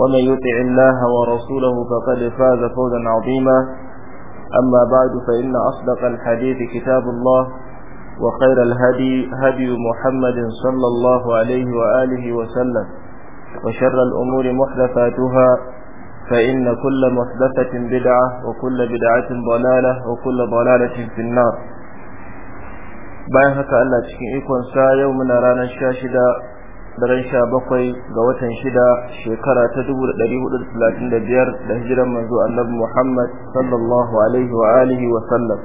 ومن يطع الله ورسوله فقد فاز فوزا عظيما أما بعد فإن أصدق الحديث كتاب الله وخير الهدي هدي محمد صلى الله عليه وآله وسلم وشر الأمور محدثاتها فإن كل محدثة بدعة وكل بدعة ضلالة وكل ضلالة في النار bayan haka Allah cikin ikonsa yau muna ranar 16 daren sha bakwai ga watan shida shekara ta dubu da ɗari hudu da talatin da biyar da hijiran manzo annabi muhammad sallallahu alaihi wa alihi wa sallam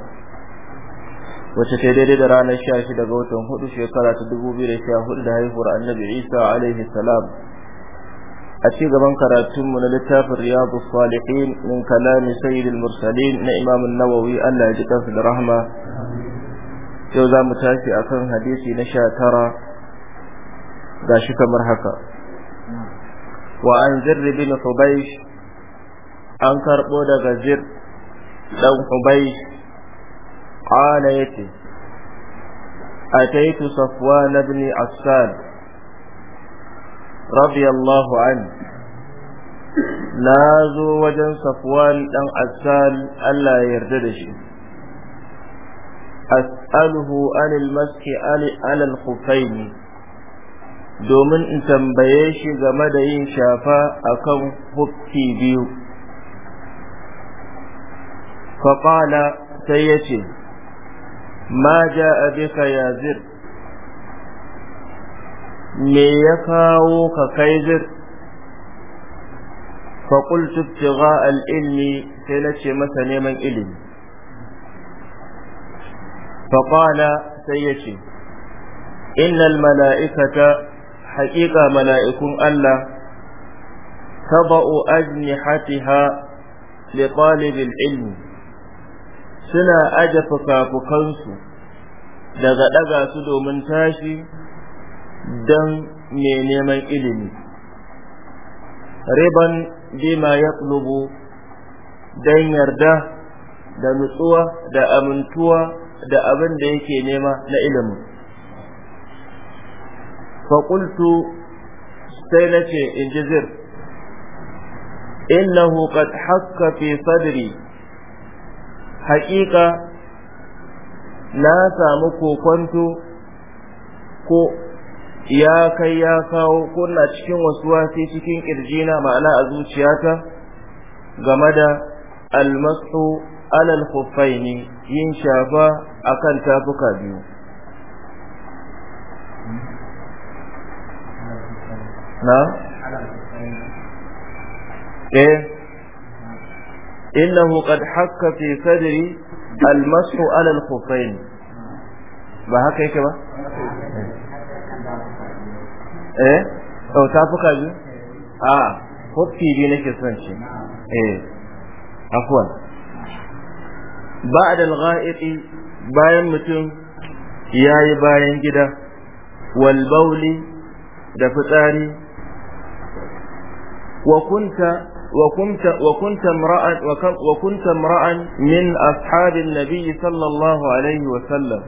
wacce ta daidai da ranar sha shida ga watan hudu shekara ta dubu biyu da sha hudu da haihuwar annabi isa alaihi salam a ci gaban karatunmu na littafin riyadu salihin min kalami sayyidil mursalin na imamun nawawi allah ya ji kansu da rahma yau za mu tashi akan hadisi na sha shi kamar haka wa an zirri bin hubaish an karbo daga zir dan hubaish qala yace ataitu safwan ibn asad radiyallahu anhu na zo wajen safwan dan asal Allah ya yarda da shi as'aluhu anil maski ali alal khufaini domin in tambaye shi game da yin shafa akan hukki biyu faƙala sai ya ce ma ja abika ya zir me ya kawo ka kai zir faƙultu ibtigha al sai na ce masa neman ilimi faƙala sai ya ce إن mala'ikata haƙiƙa mala'ikun Allah taba'u ajnihatiha li talibil ilmi suna aje fukafukansu daga ɗaga su domin tashi don mai neman ilimi riban bima ya don yarda da nutsuwa da amintuwa da abin da yake nema na ilimin faƙultu sai na ce in ji zir innahu qad hakka fi sadri haƙiƙa na samu kokonto ko ya kai ya kawo ko cikin wasu wasi cikin ƙirjina ma'ana a zuciyata game da almasu alal ne yin shafa akan tafuka biyu na eh innahu qad hakka fi sadri almasu ala alkhuffain ba haka yake ba eh to tafuka biyu a hoppi biyu nake son shi eh afwan ba'da al-gha'iqi bayan mutum yayi bayan gida wal da fitsari وكنت وكنت وكنت امرأ وكنت امرأ من أصحاب النبي صلى الله عليه وسلم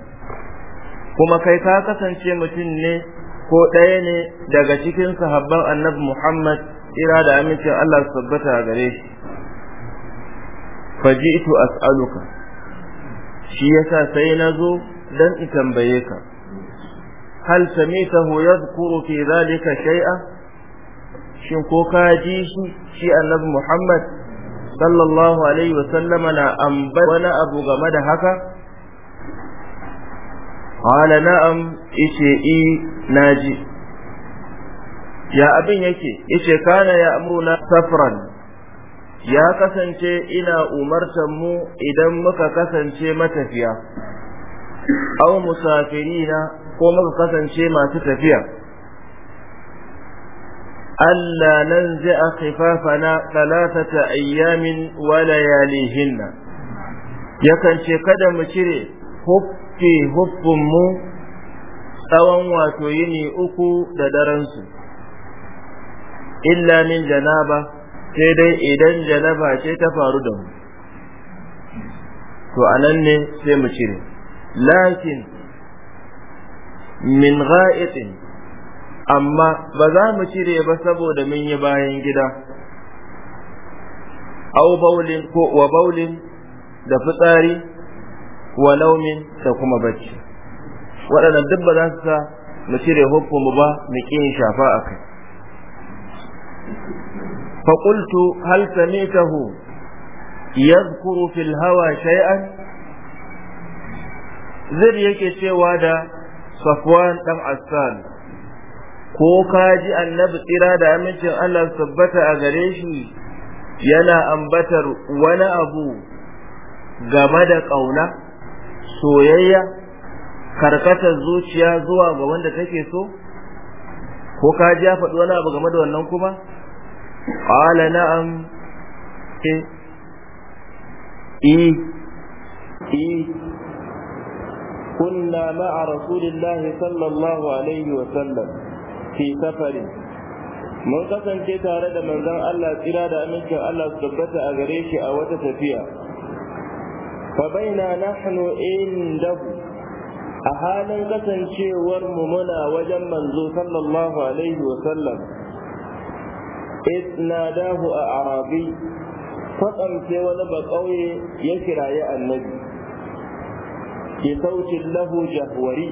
كما كيتا كسنشي ko ɗaya ne daga cikin sahabban annabi Muhammad ira da amincin Allah su tabbata a gare shi faji'tu as'aluka shi yasa sai na zo dan in tambaye ka hal samitahu yadhkuru fi dhalika shay'a shin ko ka ji shi shi annabi Muhammad sallallahu alaihi wasallama na amba wani abu game da haka qala na'am ishe i e, naji ya abin yake ice kana ya amruna safran ya kasance ina umartan mu idan muka kasance matafiya aw musafirina ko muka kasance masu tafiya zai ألا ننزع خفافنا ثلاثة أيام ولياليهن يكن شكدا مشري huffi huffinmu tsawon wato yini uku da daransu illa min janaba sai dai idan janaba ce ta faru da mu to anan ne sai mu cire lakin min ga'itin amma ba za mu cire ba saboda mun yi bayan gida au bawlin ko wa bawlin da fitsari wa laumin da kuma bacci waɗannan duk ba za su sa mu cire hukumu ba mu ƙin shafa a kai فقلت hal samitahu yadhkuru fil hawa shay'an zir yake cewa da safwan dan asal ko ka ji annabi tsira da amincin Allah tabbata a gare shi yana ambatar wani abu game da ƙauna soyayya karkatar zuciya zuwa ga wanda take so ko ka ji ya faɗi wani abu game da wannan kuma ƙala na'am e, e e kunna ma'a rasulillahi sallallahu alaihi wa sallam fi safarin mun kasance tare da manzon Allah tsira da amincin Allah su tabbata a gare shi a wata tafiya fa baina nahnu indahu a halin kasancewar mu muna wajen manzo sallallahu alaihi wa sallam isnadahu a arabi kwatsamce wani ba ƙauye ya kiraye annabi ke sautin lahu jahwari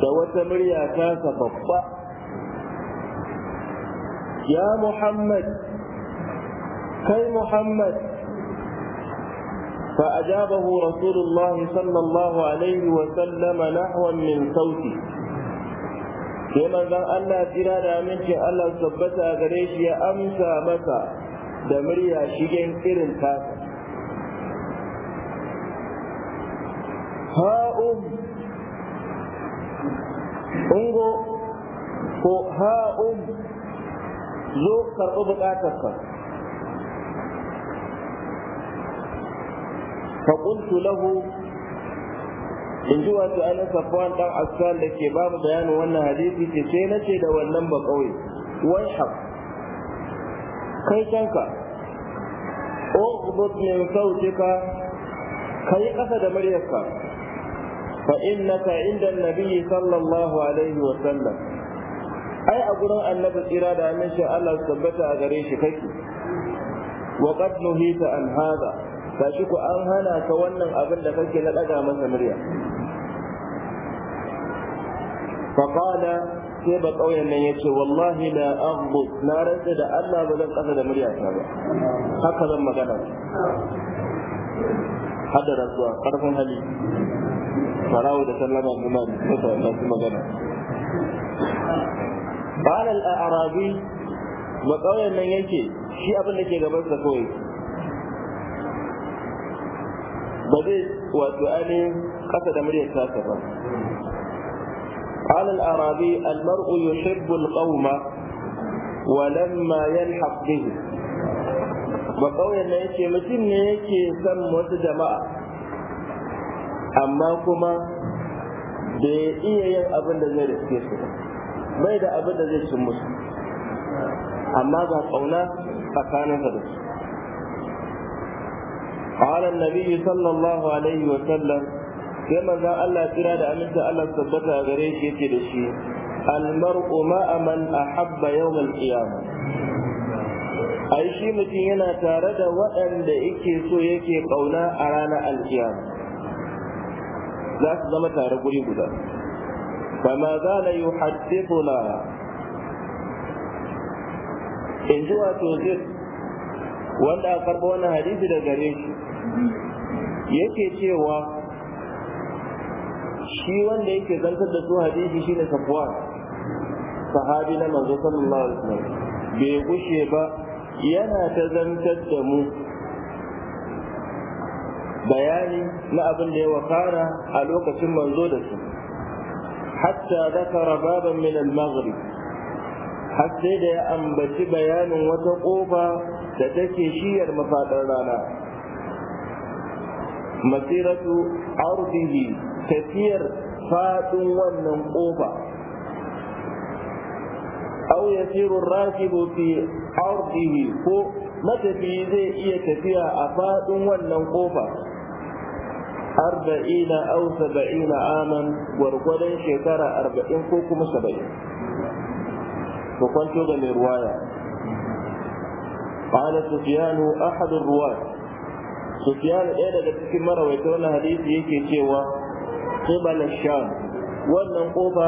da wata murya tasa babba ya muhammad kai muhammad فأجابه رسول الله صلى الله عليه وسلم نحوا من صوته sai manzon Allah tsira da amincin Allah tabbata gare shi ya amsa masa da murya shigen irin kaka. Ha'um ungo ko ha'um zo karɓi fa kuntu lahu in ji wato ana safuwan ɗan asal da ke babu bayanin wannan hadisi ce sai na ce da wannan ba kawai. wai haf kai canka o min sautika ka yi ƙasa da muryarka فإنك عند النبي صلى الله عليه وسلم أي أقول النبي إرادة من شاء الله ثبت أغريش كيك وقد نهيت عن هذا فشك أن هنا كونا أبن لكيك للأجا مسمريا فقال sai ba ƙauyen nan ya ce wallahi la aghdu na rantsa da Allah ba zan kasa da murya ta ba haka zan magana hada rantsuwa karfin hali farawo da sallama imam masa masu magana bala al-arabi makauyen nan yake shi abin da ke gaban sa kawai ba zai wato ainihin kasa da muryar sa ba قال الأعرابي المرء يحب القوم ولما يلحق به وقوي أن يكي مجن يكي سم وتجمع amma kuma bai iya yin abin da zai riske su bai da abin da zai cin musu amma ga kauna tsakanin da su قال النبي صلى الله عليه وسلم كما ذا الله ترى ده أمين الله ثبت أغريك يتدشي المرء ماء من أحب يوم القيامة ai shi mutum yana tare da waɗanda yake so yake ƙauna a ranar alkiyama za su zama tare guri guda ma za la yi haddifuna in ji wato zir wanda a karɓa wani hadisi da gare shi yake cewa shi wanda yake zantar da su hadisi shine safwan sahabi na manzo sallallahu alaihi wasallam bai gushe ba yana ta zantar da mu bayani na abin da ya wakara a lokacin manzo da su hatta zakara baban min al-maghrib har da ya ambaci bayanin wata kofa da take shiyar mafaɗar rana masiratu ardihi tafiyar faɗin wannan kofa aw yasiru rakibu fi ardihi ko matafi zai iya tafiya a faɗin wannan kofa arba'ina aw saba'ina aman gwargwadon shekara arba'in ko kuma saba'in to kwanto da mai ruwaya qala sufyanu ahad ar-ruwat sufyan ɗaya daga cikin mara wannan hadisi yake cewa qibal sham wannan ƙofa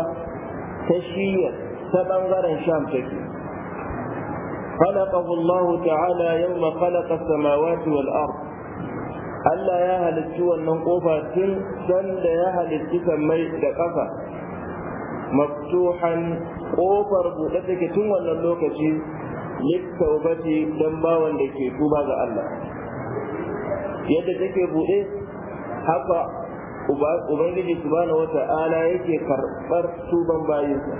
ta ta bangaren sham take خلقه الله تعالى يوم خلق السماوات والأرض Allah ya halicci wannan kofa tun sanda ya halicci sammai da ƙafa maftuhan kofar buɗe take tun wannan lokaci littaubati dan bawan da ke tuba ga Allah yadda take buɗe haka ubangiji subhanahu wata'ala yake karɓar tuban bayinsa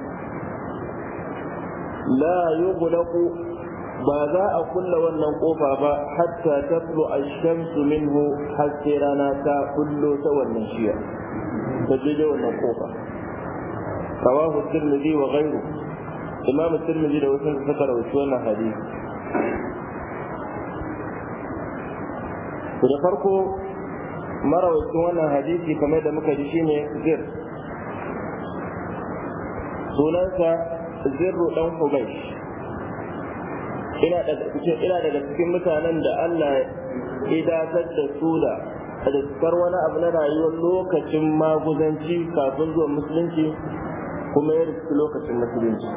la yughlaqu ba za a kulla wannan kofa ba hatta taflu ash-shamsu minhu har sai rana ta kullo ta wannan shiya ta jeje wannan kofa rawahu tirmidhi wa ghayru imam tirmidhi da wasu suka rawaito wannan hadisi da farko marawaitin wannan hadisi kamar da muka ji shine zir sunansa zirru dan hubaish ina daga cikin mutanen da Allah ya dakatar da su da riskar wani abu na rayuwar lokacin maguzanci kafin zuwa musulunci kuma ya riski lokacin musulunci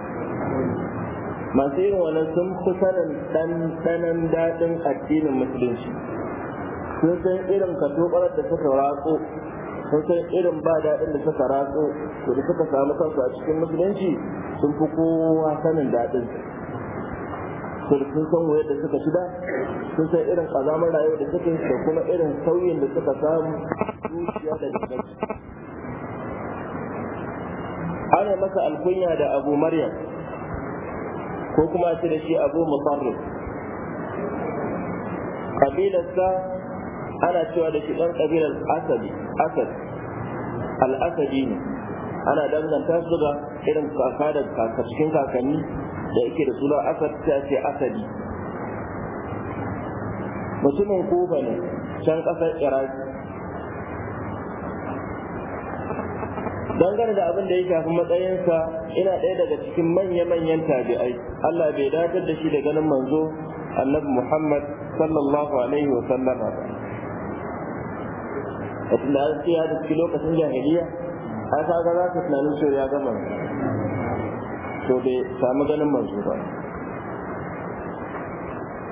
masu yin wani sun fi sanin ɗanɗanan daɗin addinin musulunci sun san irin katobarar da suka ratso sun san irin ba daɗin da suka ratso to da suka samu kansu a cikin musulunci sun fi kowa sanin daɗin sun san wayar da suka shida sun san irin kazamar rayuwa da suka da kuma irin sauyin da suka samu zuciya da gabanci ana masa alkunya da abu maryam ko kuma ce da shi abu musarrif kabilarsa ana cewa da shi dan kabilar asadi asad al'asadi ne ana danganta su da irin kaka da cikin kakanni da yake da suna asad ta ce asadi mutumin kuba ne can ƙasar iraki dangane da abin da ya shafi matsayinsa ina ɗaya daga cikin manya-manyan tabi'ai allah bai dakar da shi da ganin manzo annabi muhammad sallallahu alaihi wa sallama ba da tunanin ya da cikin lokacin jahiliya a sa ga za su tunanin cewa ya gama to bai samu ganin manzo ba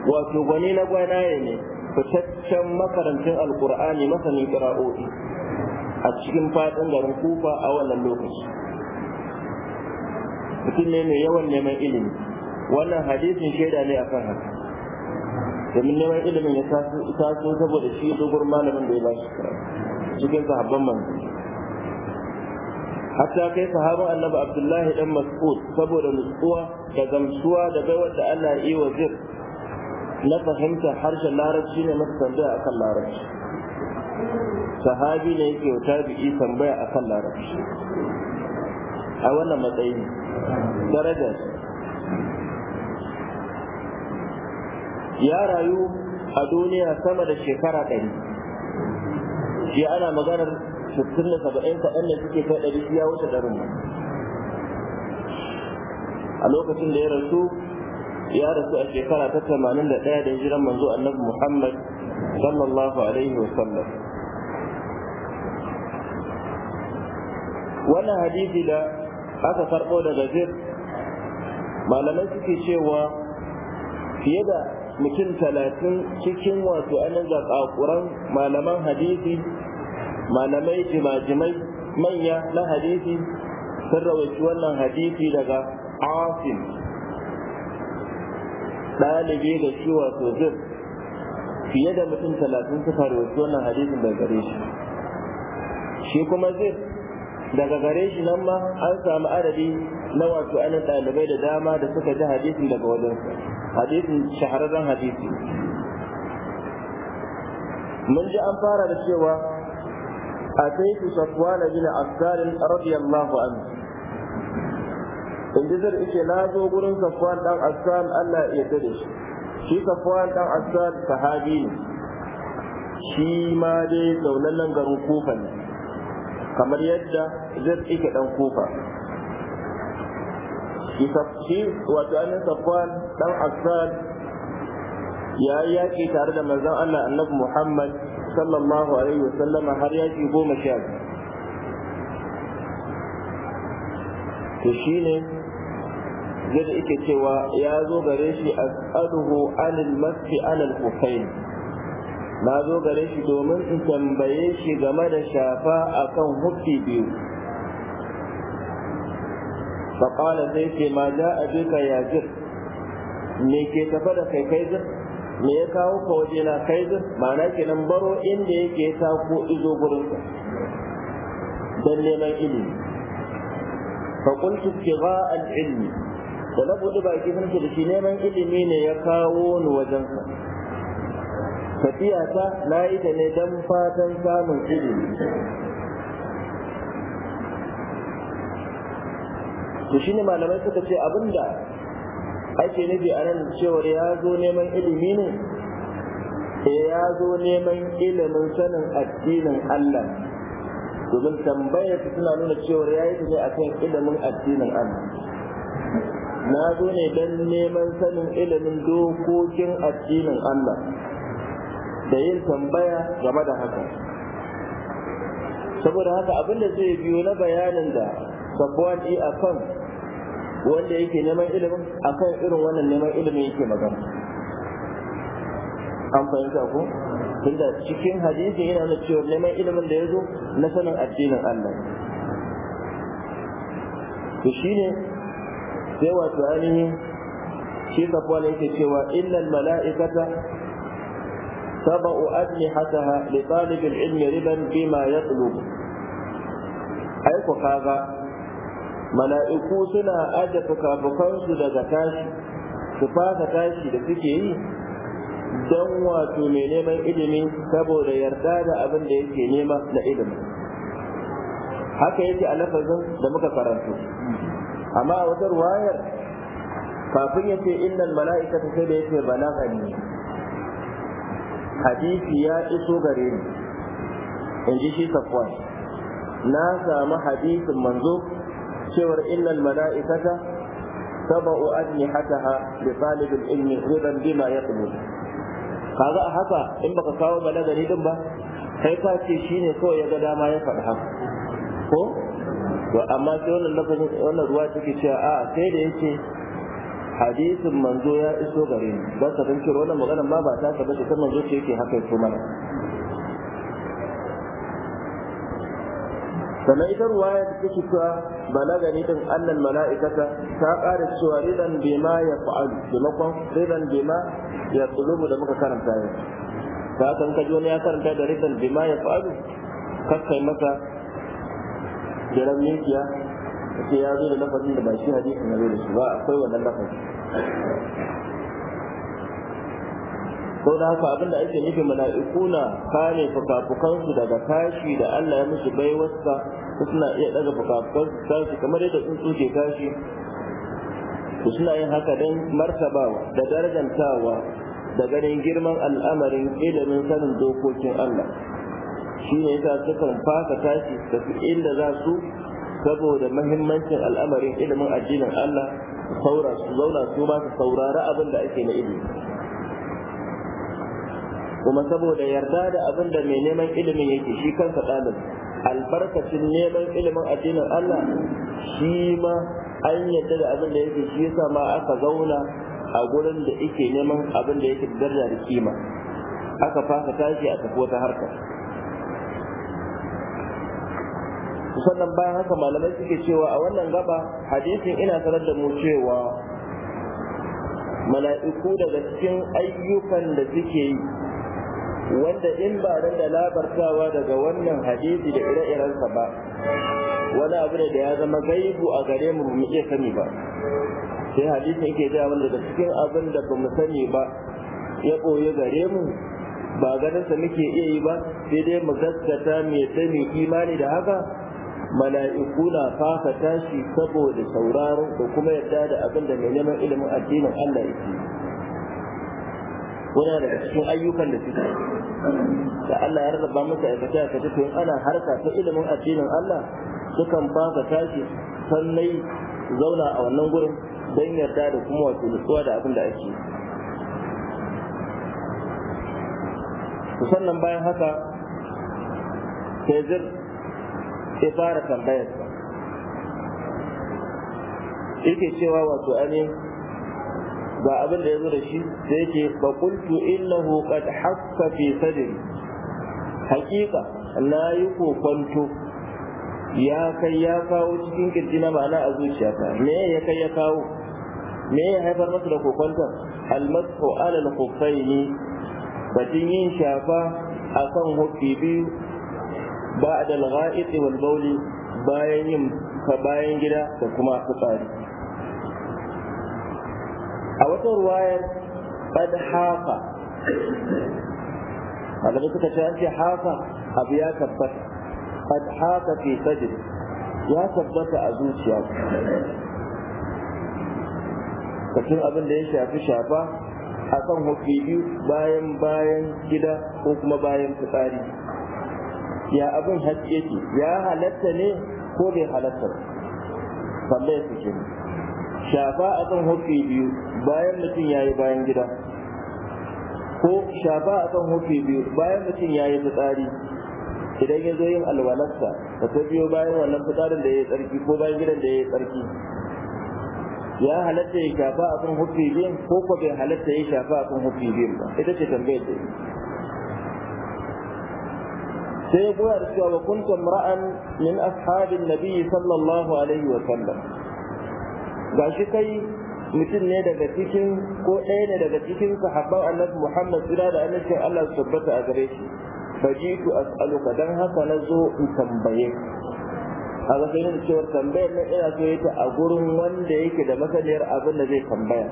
wato gwani na gwanaye ne fitaccen makarantar alkur'ani masanin kira'o'i a cikin fadin garin kufa a wannan lokaci mutum ne mai yawan neman ilimi wannan hadisin shaida ne a kan haka domin neman ilimin ya taso saboda shi dogon malamin da ya ba shi cikin sahabban manzo hatta kai sahaba annabi abdullahi dan mas'ud saboda nutsuwa da gamsuwa da baiwar da Allah ya yi wa zir na fahimta harshen larabci ne masa tambaya akan larabci sahabi ne yake wa tabi'i tambaya akan larabci a wannan matsayi daraja ya rayu a duniya sama da shekara ɗari shi ana maganar sittin da saba'in kaɗan da suke kai ɗari ya wuce ɗarin mu. a lokacin da ya rasu ya rasu a shekara ta tamanin da ɗaya da hijiran manzo annabi muhammad sallallahu alaihi wa sallam wannan hadisi da aka karɓo daga zir malamai suke cewa fiye da mutum talatin cikin wato anan zaƙaƙuran malaman hadisi malamai jimajimai manya na hadisi sun rawaici wannan hadisi daga asim ɗalibi da shi wato zir fiye da mutum talatin suka rawaici wannan hadisin daga gare shi shi kuma zir daga gare shi nan ma an samu adadi na wato ainihin ɗalibai da dama da suka ji hadisin daga wajen hadisin shahararren hadisi mun ji an fara da cewa أتيت صفوان بن عفان رضي الله عنه in dizar ike na zo gurin safwan dan assan Allah ya dade shi shi safwan dan sahabi ne shi ma dai zaunannan garin kufa ne kamar yadda zai ike ɗan kufa shi wato an safwan dan assan ya yaƙi tare da manzon Allah annabi Muhammad sallallahu alaihi wasallam har yaki goma sha biyu to shine yadda cewa ya zo gare shi as'aluhu anil masfi anil hufain na zo gare shi domin in tambaye shi game da shafa akan hukki biyu faƙala sai ce ma za a bika me ke tafa da kai kai jir me ya kawo ka waje na kai zin ma'ana kenan baro inda yake ya tako izo gurin ka dan neman ilimi fa qultu ibtigha al-ilmi da na buɗe baki sun ce da shi neman ilimi ne ya kawo ni wajen ka tafiya ta na yi ta ne dan fatan samun ilimi to shine malamai suka ce abinda ake nufi a nan cewar ya zo neman ilimi ne eh, ya zo neman ilimin sanin addinin Allah domin tambaya su suna nuna cewar ya yi ne akan ilimin addinin Allah na zo ne don neman sanin ilimin dokokin addinin Allah da yin tambaya game da haka saboda haka abinda zai biyo na bayanin da sabuwan a kan wanda yake neman ilimin akan irin wannan neman ilimin yake magana an fahimta ko tunda cikin hadisi yana da cewa neman ilimin da ya zo na sanin addinin Allah to shine sai wato ainihin shi safwan yake cewa innal mala'ikata sab'u ajnihataha li talib al-ilmi riban bima yatlub ai ko kaga mala'iku suna aje fukafukansu daga tashi su fasa tashi da suke yi don wato mai neman ilimi saboda yarda da abin da yake nema na ilimi haka yake a lafazin da muka karanta amma a wata ruwayar kafin ya ce mala'ika ta sai da yake balagani hadisi ya iso gare ni in ji shi safwan na samu hadisin manzo cewar innal mala'ikata taba'u ajnihataha li al ilmi ridan bima yaqbul kaga a haka in baka kawo balagari din ba sai ka ce shine kawai ya ga dama ya faɗi haka ko to amma sai wannan lafazin wannan ruwa take cewa a sai da yake hadisin manzo ya iso gare ni ba ka dan wannan magana ma ba ta ka kan manzo ce yake haka ko mana sannan ita ruwaya da take cewa balagani din annal mala'ikata ta ƙara cewa ridan ma ya fa'alu maimakon ridan ma ya tsulubu da muka karanta yau ta kan kaji wani ya karanta da ridan ma ya fa'alu kakkai masa jiran mikiya sai ya zo da lafazin da ba shi hadisin ya zo da shi ba akwai wannan lafazin ko da haka abinda ake nufi mala'iku na kare fukafukansu daga tashi da Allah ya musu baiwarsa suna iya daga fukafukansu tashi kamar yadda sun ke tashi su suna yin haka don martaba da darajantawa da ganin girman al'amarin ilimin sanin dokokin Allah shi ne yasa sukan fasa tashi tafi inda za su saboda mahimmancin al'amarin ilimin addinin Allah saura su zauna su ma su saurara abin da ake na ilimi kuma saboda yarda da abin da mai neman ilimin yake shi kansa ɗalib albarkacin neman ilimin addinin Allah shi ma an yarda da abin da yake shi yasa ma aka zauna a gurin da yake neman abin da yake daraja da kima aka fasa tashi a tafi wata harka sannan bayan haka malamai suke cewa a wannan gaba hadisin ina sanar da mu cewa mala'iku daga cikin ayyukan da suke yi wanda in ba da labartawa daga wannan hadisi da ire-irensa ba wani abu ne da ya zama gaibu a gare mu mu iya sani ba sai hadisi yake da wanda daga cikin abin da ba mu sani ba ya koyi gare mu ba ganin sa muke iya yi ba sai dai mu gaskata mai sani imani da haka mala'iku na fasa tashi saboda sauraron da kuma yarda da abin da mai neman ilimin addinin Allah yake wani daga cikin ayyukan da suke da Allah ya rarraba musu aikata ka ta ana harka ta ilimin addinin Allah sukan ba ka tashi sannai zauna a wannan gurin don yarda da kuma wato nutsuwa da abin da ake sannan bayan haka sai sai fara tambayarsa yake cewa wato ainihin ga abin da ya zo da shi sai ce fa qultu innahu qad hakka fi sadri haqiqa la yuko kwanto ya kai ya kawo cikin kirji na ma'ana a zuciyata me ya kai ya kawo me ya haifar masa da kokonta almasu alal khuffaini batun yin shafa akan hukki biyu ba da al-gha'it wal bawli bayan yin bayan gida da kuma fitsari wata ruwayar qad hafa malamu suka ce an ce hafa abu ya tabbata qad hafa fi sajid ya tabbata a zuciya kacin abin da ya shafi shafa a kan hukki biyu bayan bayan gida ko kuma bayan fitsari ya abin haske yake ya halatta ne ko bai halatta ba tambayar su kenan shafa a kan hufi biyu bayan mutum ya yi bayan gida ko shafa a kan hufi biyu bayan mutum ya yi fitsari idan ya zo yin alwalarsa da ta biyo bayan wannan fitsarin da ya yi tsarki ko bayan gidan da ya yi tsarki ya halatta ya shafa a kan hufi biyun ko ko bai halatta ya shafa a kan hufi biyun ba ita ce tambayar da sai ya goya da cewa wa kuntum ra'an min ashabin nabi sallallahu alaihi wa sallam gashi kai mutum ne daga cikin ko ɗaya ne daga cikin sahabban annabi Muhammad sura da annabi Allah su tabbata a gare shi fajitu as'aluka dan haka na zo in tambaye a ga sai da cewa tambayar nan ina so yake a gurin wanda yake da masaniyar abin da zai tambaya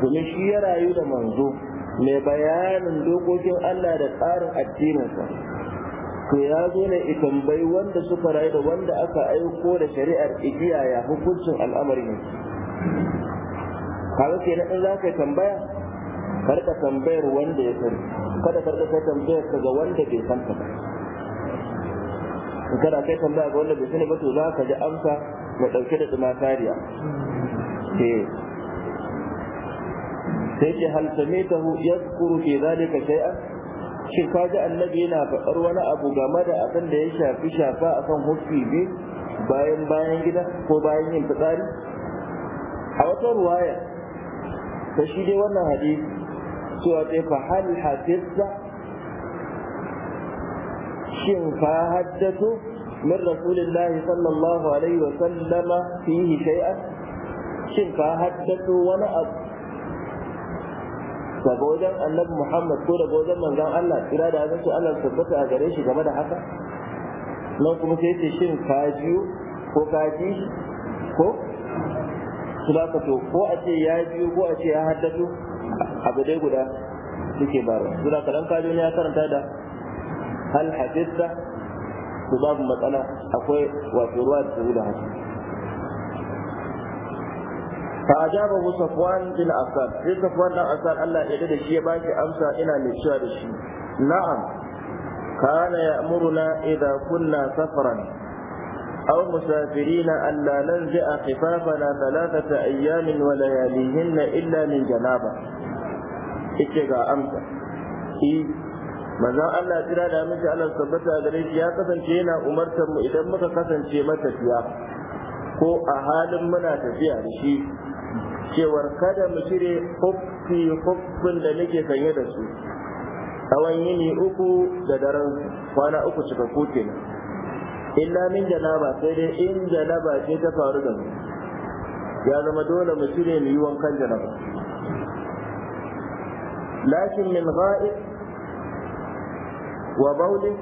domin shi ya rayu da manzo mai bayanin dokokin Allah da tsarin addininsa to ya zo ne i tambayi wanda suka rayu da wanda aka aiko da shari'ar igiya ya hukuncin al'amarin kaga ke na in za ka tambaya karka tambayar wanda ya sani kada karka kai tambayar ka ga wanda bai san ka ba in kada kai tambaya ga wanda bai sani ba to za ka ji amsa mai ɗauke da tsumakariya eh. sai ce hal samitahu yadhkuru fi zalika shay'an shin ka ji annabi yana faɗar wani abu game da abin da ya shafi shafa akan hukki biyu bayan bayan gida ko bayan yin fitsari a wata ruwaya ta shi dai wannan hadisi cewa ta fa hal hafizza shin fa haddatu min rasulillahi sallallahu alaihi wa sallama fihi shay'an shin fa haddatu wani abu daga wajen annabi Muhammad ko daga wajen manzon Allah kira da hannun Allah tabbata a gare shi game da haka nan kuma sai ce shin ka jiyo ko ka ji ko su ba ka to ko a ce ya biyo ko a ce ya haddatu abu dai guda suke ba ruwa suna kalan kajo ne ya karanta da hal hadisa su babu matsala akwai wato ruwa da su da haka fa ajaba musafwan bin asad sai safwan dan asad Allah ya dade shi ya baki amsa ina mai cewa da shi na'am kana ya'muruna idza kunna safaran أو مسافرين ألا ننزع خفافنا ثلاثة أيام ولياليهن إلا من جنابة إتجا أمسى manzon Allah jira da miji Allah tabbata gare shi ya kasance yana umartar mu idan muka kasance matafiya ko a halin muna tafiya da shi cewar kada mu cire huffi da nake sanye da su tsawon yini uku da daren kwana uku cika kenan illa min janaba sai dai in janaba ce ta faru da mu ya zama dole mu cire mu yi wankan janaba lakin min ghaib wa bauli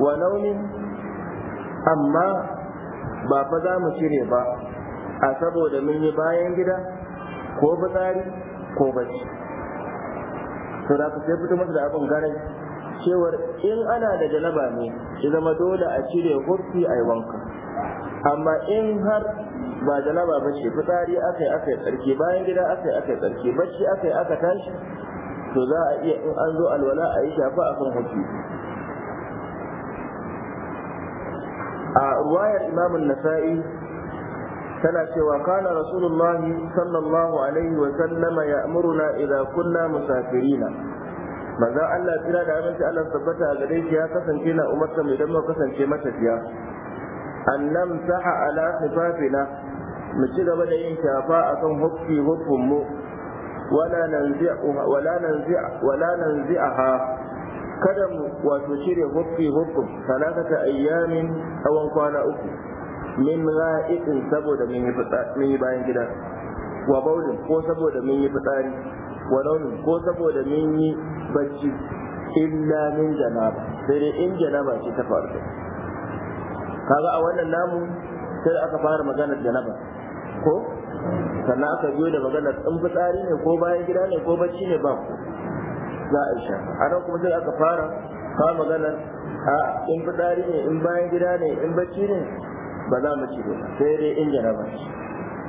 wa nauni amma ba fa za mu cire ba a saboda mun yi bayan gida ko fitsari ko bacci to da sai fito masa da abin garai cewar in ana da janaba ne shi zama dole a cire hurfi a yi wanka amma in har ba janaba ba ce fitsari aka yi aka yi tsarki bayan gida aka yi aka yi tsarki bacci aka yi aka tashi to za a iya in an zo alwala a yi shafa a kan hurfi a ruwayar imamun nasa'i tana cewa kana rasulullahi sallallahu alaihi wa sallama ya'muruna idza kunna musafirina manzon Allah tsira da aminci Allah tabbata a gare ya kasance na umarta mai idan kasance matafiya annam saha ala khifafina mu ci gaba da yin shafa akan hukki hukkun mu wala nanzi wala nanzi wala aha kada mu wato cire hukki hukun salatata ayyamin tsawon kwana uku min ra'idin saboda mun yi bayan gida wa baulin ko saboda mun yi fitsari wa raunin ko saboda mun yi bacci illa min janaba sai dai in janaba ce ta faru kaga a wannan namu sai aka fara maganar janaba ko sannan aka biyo da maganar in fitsari ne ko bayan gida ne ko bacci ne ba ku za a sha a nan kuma sai aka fara ka maganar a in fitsari ne in bayan gida ne in bacci ne ba za mu ci ba sai dai in janaba ce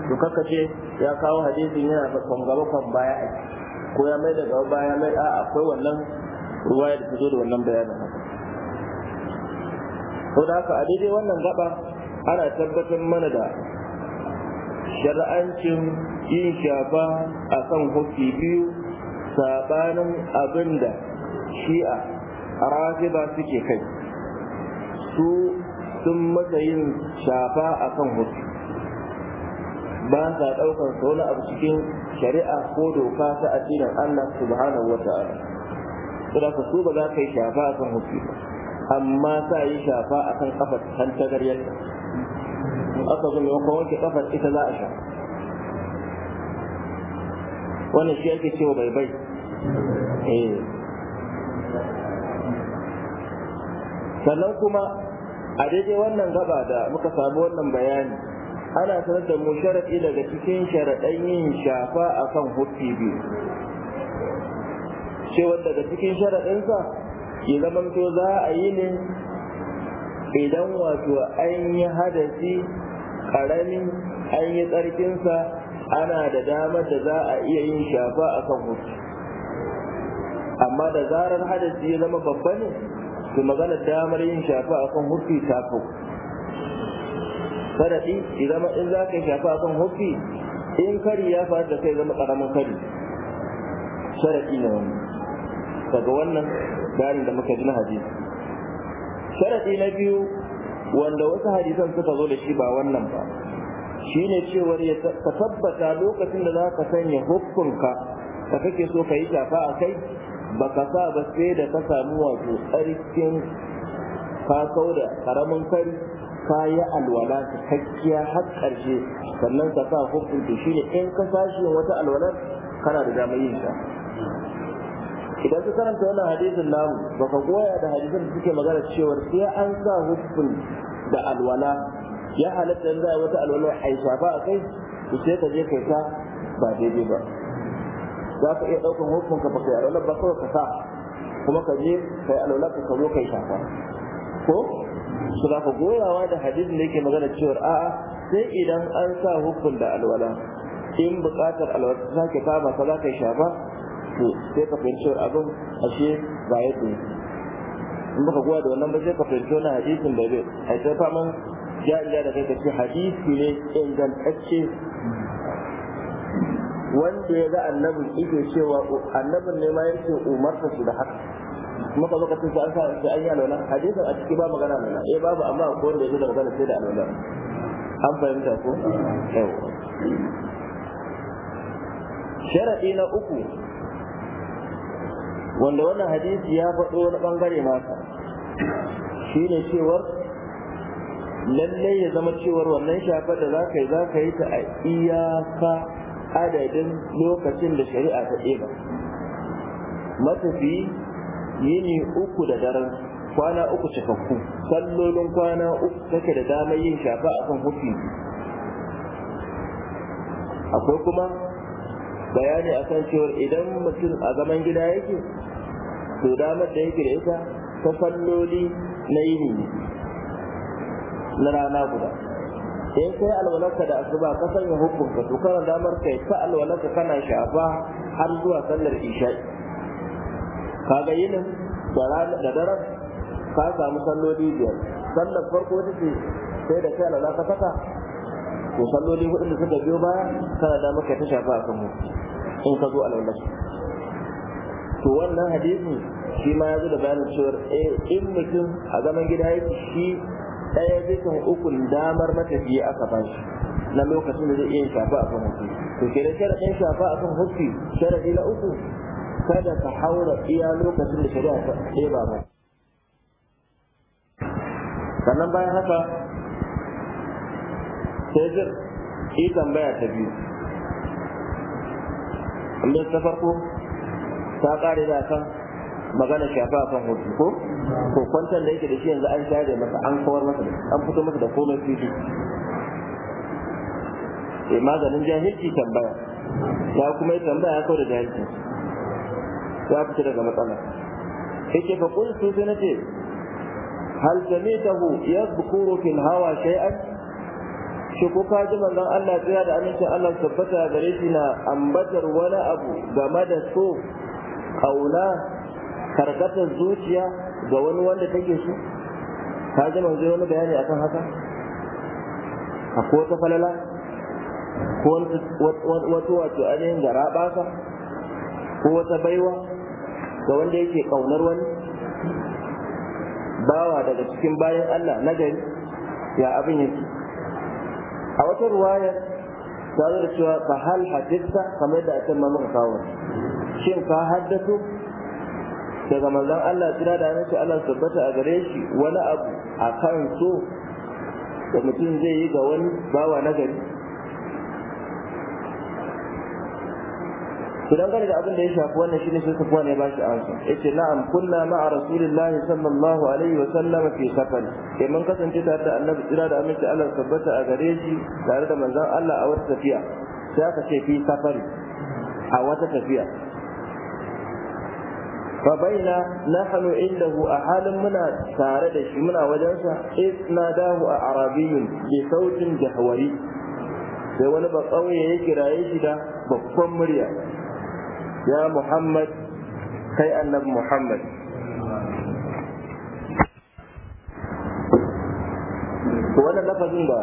to kaka ce ya kawo hadisin yana kwan gaba kwan baya a ko ya mai da gaba baya mai a akwai wannan ruwa da ta zo da wannan bayanin haka ko da haka a daidai wannan gaba ana tabbatar mana da shar'ancin yin shafa a kan hukki biyu sabanin abin da shi'a a rafiba suke kai su sun masa yin shafa a kan hukki ba sa ɗaukar wani abu cikin shari'a ko doka ta addinin Allah subhanahu wa ta'ala saboda ka su ba za ka yi shafa akan hukki ba amma sa yi shafa akan kafar hantagar yadda in aka zo maimakon wanke kafar ita za a sha wannan shi yake cewa bai bai eh. sannan kuma a daidai wannan gaba da muka samu wannan bayani ana sanar da mu sharaɗi daga cikin sharaɗan yin shafa akan huffi biyu cewa daga cikin sharaɗinsa ya to za a yi ne idan wato an yi hadasi ƙarami an yi tsarkinsa ana da damar da za a iya yin shafa akan hukki amma da zarar hadasi ya zama babba ne to maganar damar yin shafa akan hukki ta fi sharaɗi ki zama in za ka shafa akan hoki in kari ya faru da kai zama ƙaramin kari sharaɗi ne wani daga wannan bayanin da muka ji na hadisi sharaɗi na biyu wanda wasu hadisan suka zo da shi ba wannan ba shine cewar ya ka tabbata lokacin da za ka sanya hukunka da kake so ka yi shafa a kai ba ka sa ba sai da ka samu wato tsarkin ka kau da karamin kari kayi alwala ta kakkiya har ƙarshe sannan ka sa hukun to shine in ka sashi wata alwalar kana da damar yin ta idan ka karanta wannan hadisin namu ba ka goya da hadisin da suke magana cewar sai an sa hukun da alwala ya halatta yanzu a wata alwala a yi shafa a kai to sai ka je kai ta ba daidai ba za ka iya ɗaukan hukun ka baka yi alwala ba kawai ka sa kuma ka je kai alwala ka zo kai shafa ko su ba ka goyawa da hadisin da yake magana cewar a'a sai idan an sa hukun da alwala in buƙatar alwala ta sake kama ka za ka shafa to sai ka fahimci abin ashe ba yadda in baka goya da wannan ba sai ka fahimci wani hadisin da bai ai sai faman ja'ila da kai ka ce hadisi ne ingantacce wanda ya ga annabin ike cewa annabin ne ma yake umarta su da haka maka zo su an sa sai an yi alwala hadisin a ciki ba magana nuna. eh babu amma ko wanda yazo da magana sai da alwala an fahimta ko yau sharadi na uku wanda wannan hadisi ya faɗo wani ɓangare masa shine cewar lallai ya zama cewar wannan shafar da za ka yi za ka yi ta a iyaka adadin lokacin da shari'a ta ɗeba matafi yini uku da daren kwana uku cikakku sallolin kwana uku take da damar yin shafa akan hufi akwai kuma bayani akan cewar idan mutum a zaman gida yake to damar da yake da ita ta falloli na yini na rana guda sai kai alwalarka da asuba ka sanya hukunka to kana damar kai ta alwalarka kana shafa har zuwa sallar isha'i kaga yinin da daren ka samu salloli biyar sallar farko ta ce sai da kai za ka saka to salloli hudu da suka biyo baya kana da maka ta shafa a kan mu in ka zo alwala to wannan hadisi shi ma ya zo da bayanin cewa eh, in mutum a zaman gida yake shi ɗaya bisan uku damar matafiya aka ba shi na lokacin da zai iya shafa a kan mutum to ke da ɗan shafa a kan hukki sharaɗi na uku kada ka haura iya lokacin da shari'a ta ɗeba ba sannan bayan haka sai zai yi tambaya ta biyu amma ta farko ta ƙare da kan magana shafa a kan hutu ko ko kwantar da yake da shi yanzu an share masa an kawar masa an fito masa da komai fili eh maganin jahilci tambaya ya kuma yi tambaya ya da jahilci ya fita daga matsala yake fa su sai nace hal samitahu yadhkuru fil hawa shay'an shi ko ka ji manzon Allah tsaya da amincin Allah tabbata gare shi na ambatar wani abu game da so kauna karkatar zuciya ga wani wanda take so ka ji manzo wani bayani akan haka akwai ta falala ko wata wato ainihin garaba ka ko ta baiwa ga wanda yake kaunar wani bawa daga cikin bayan Allah na gari ya abin yake a wata ruwaya ta zo da cewa ka hal hadisa kamar da akan mamun kawo shin ka haddatu daga manzon Allah kira da nake Allah tabbata a gare shi wani abu akan so da mutum zai yi ga wani bawa na gari Idan ka da abin da ya shafi wannan shine sai safuwa ne ba shi ansa yace na'am kunna ma'a rasulillahi sallallahu alaihi wa sallama fi safar sai eh, mun kasance tare da annabi tsira da aminci Allah tabbata a gare shi tare da manzon Allah a wata tafiya sai aka ce fi safari a wata tafiya فبين نحن عنده أحال منا تارد منا وجنسا a arabiyin bi sautin jahwari sai wani ba kauye ya kiraye shi da babban murya ya muhammad kai annabi muhammad wannan lafazin da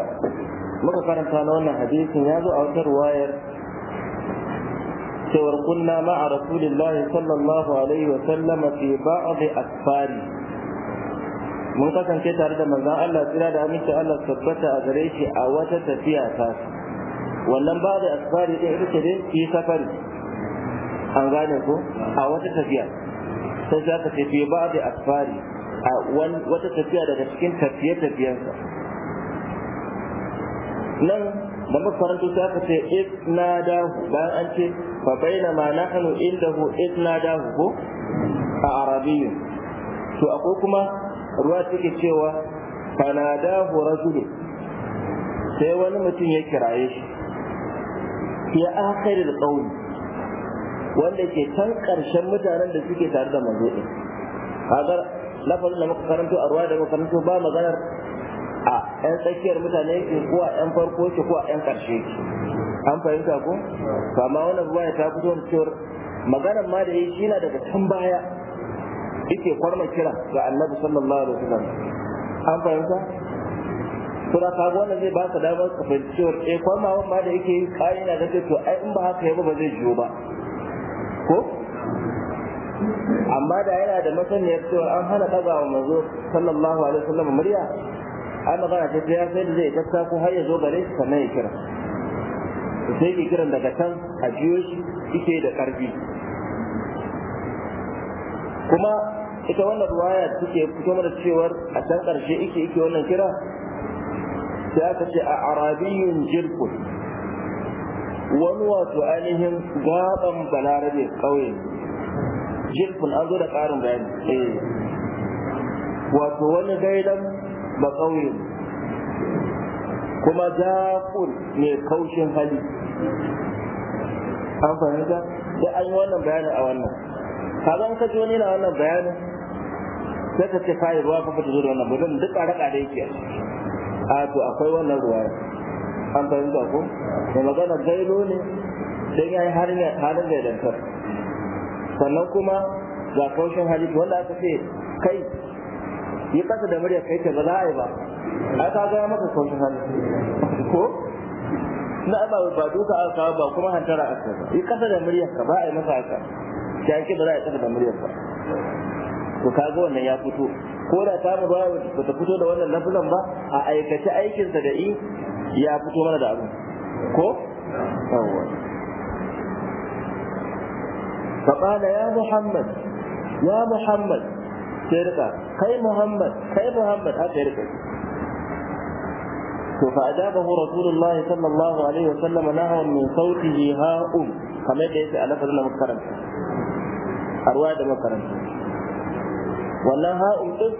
muka karanta na wannan hadisin ya zo a wata ruwayar cewar kunna ma'a rasulillahi sallallahu alaihi wa sallama fi ba'd asfari mun kasance tare da manzon Allah tsira da aminci Allah tabbata a gare shi a wata tafiya ta wannan ba da asfari din ita ce dai safari an gane ko a wata tafiya sai za ka tafi ba da asfari a wata tafiya daga cikin tafiye tafiyansa nan da makarantu sai ka ce idna dahu bayan an ce fa baina ma nahnu indahu idna dahu ko a arabiyyu to akwai kuma ruwa take cewa fanadahu rajulun sai wani mutum ya kiraye shi ya da qawli wanda ke can ƙarshen mutanen da suke tare da manzo din kaga lafazin da muka karanto a ruwa da muka karanto ba maganar a yan tsakiyar mutane ke ko a yan farko ke ko a yan ƙarshe ke an fahimta ko kama wannan ruwa ya ta fito da cewar maganar ma da yake yana daga can baya yake kwarma kira ga annabi sallallahu alaihi wasallam an fahimta da kaga wannan zai ba ka damar ka fahimci cewar eh kwarmawan ma da yake kayan na da to ai in ba haka yaba ba zai jiyo ba ko amma da yana da masaniyar cewa an hana daga wa manzo sallallahu alaihi wasallam murya an magana ce ya sai da zai tatta ko har ya zo gare shi sannan ya kira sai ke kiran daga can a biyo shi da karfi kuma ita wannan ruwaya take fito mana cewa a can karshe yake yake wannan kira sai aka ce a Arabiyin jirkun wani wato ainihin gaban balarabe kauye jirfin an zo da ƙarin bayani eh. wato wani gaidan ba kauye kuma zafin ne kaushin hali an fahimta da an yi wannan bayanin a wannan kaga an kaji wani na wannan bayanin sai ka ce kayi ruwa fa ka zo da wannan ba duk a raka da yake a to akwai wannan ruwa an fahimta ko da magana gailo ne sai ya yi halin gaidantar sannan kuma ga kaushin hadisi wanda aka ce kai yi kasa da murya kai ce ba za a yi ba a ka gaya maka kaushin hadisi ko na ba ba duka aka kawo ba kuma hantara aka ba yi kasa da murya ka ba a yi masa aka ya ce ba za a yi kasa da murya ba to ga wannan ya fito ko da ta mu ba ta fito da wannan lafazan ba a aikace aikinsa da yi. ya fito mana da abu ko faƙala ya muhammad ya muhammad sai rika kai muhammad kai muhammad haka ya rika to fa ajaba hu rasulullahi sallallahu alaihi wa sallam nahwan min sautihi ha'um kamar da yake alafa da makaranta arwa da makaranta wannan ha'um ɗin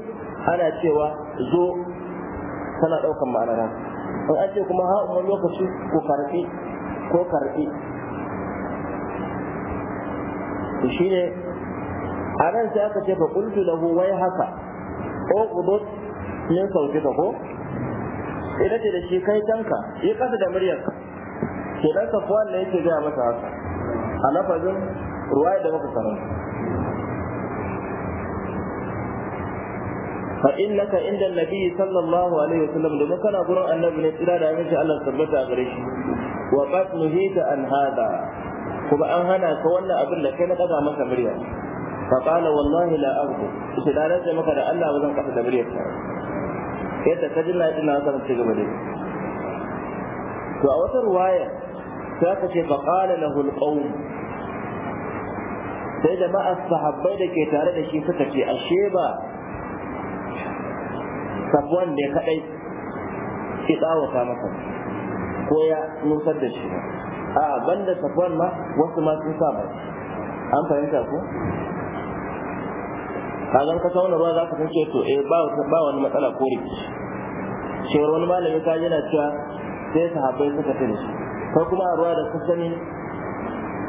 ana cewa zo tana ɗaukar ma'ana in an ce kuma ha umar lokaci ko karɓi ko karfi to shi ne a nan sai aka ce fa kuntu lahu wai haka o ne min ka ko ina ce da shi kai tanka yi kasa da muryarka ke dan safuwan ne yake ga masa haka a lafazin ruwa da muka karanta fa innaka inda nabi sallallahu alaihi wasallam domin kana gurin annabi ne tsira da aminci Allah tabbata a gare shi wa qad nuhita an hada kuma an hana ka wannan abin da kai na kaza maka murya fa qala wallahi la arju shi da rage maka da Allah ba zan kafa da muryar ka yadda ta ji na ji na ci gaba da to a wata ruwaya sai ka ce fa qala lahu alqawm sai jama'a sahabbai da ke tare da shi suka ce ashe ba safwan ne kadai ke tsawata masa ko ya nusar da shi a banda sabuwan ma wasu ma sun sa ba an fahimta ko kazan ka wani ruwa za ka san to eh ba ba wani matsala ko rikici shewar wani malami ka yana cewa sai sahabbai suka tare shi ko kuma a ruwa da ka sani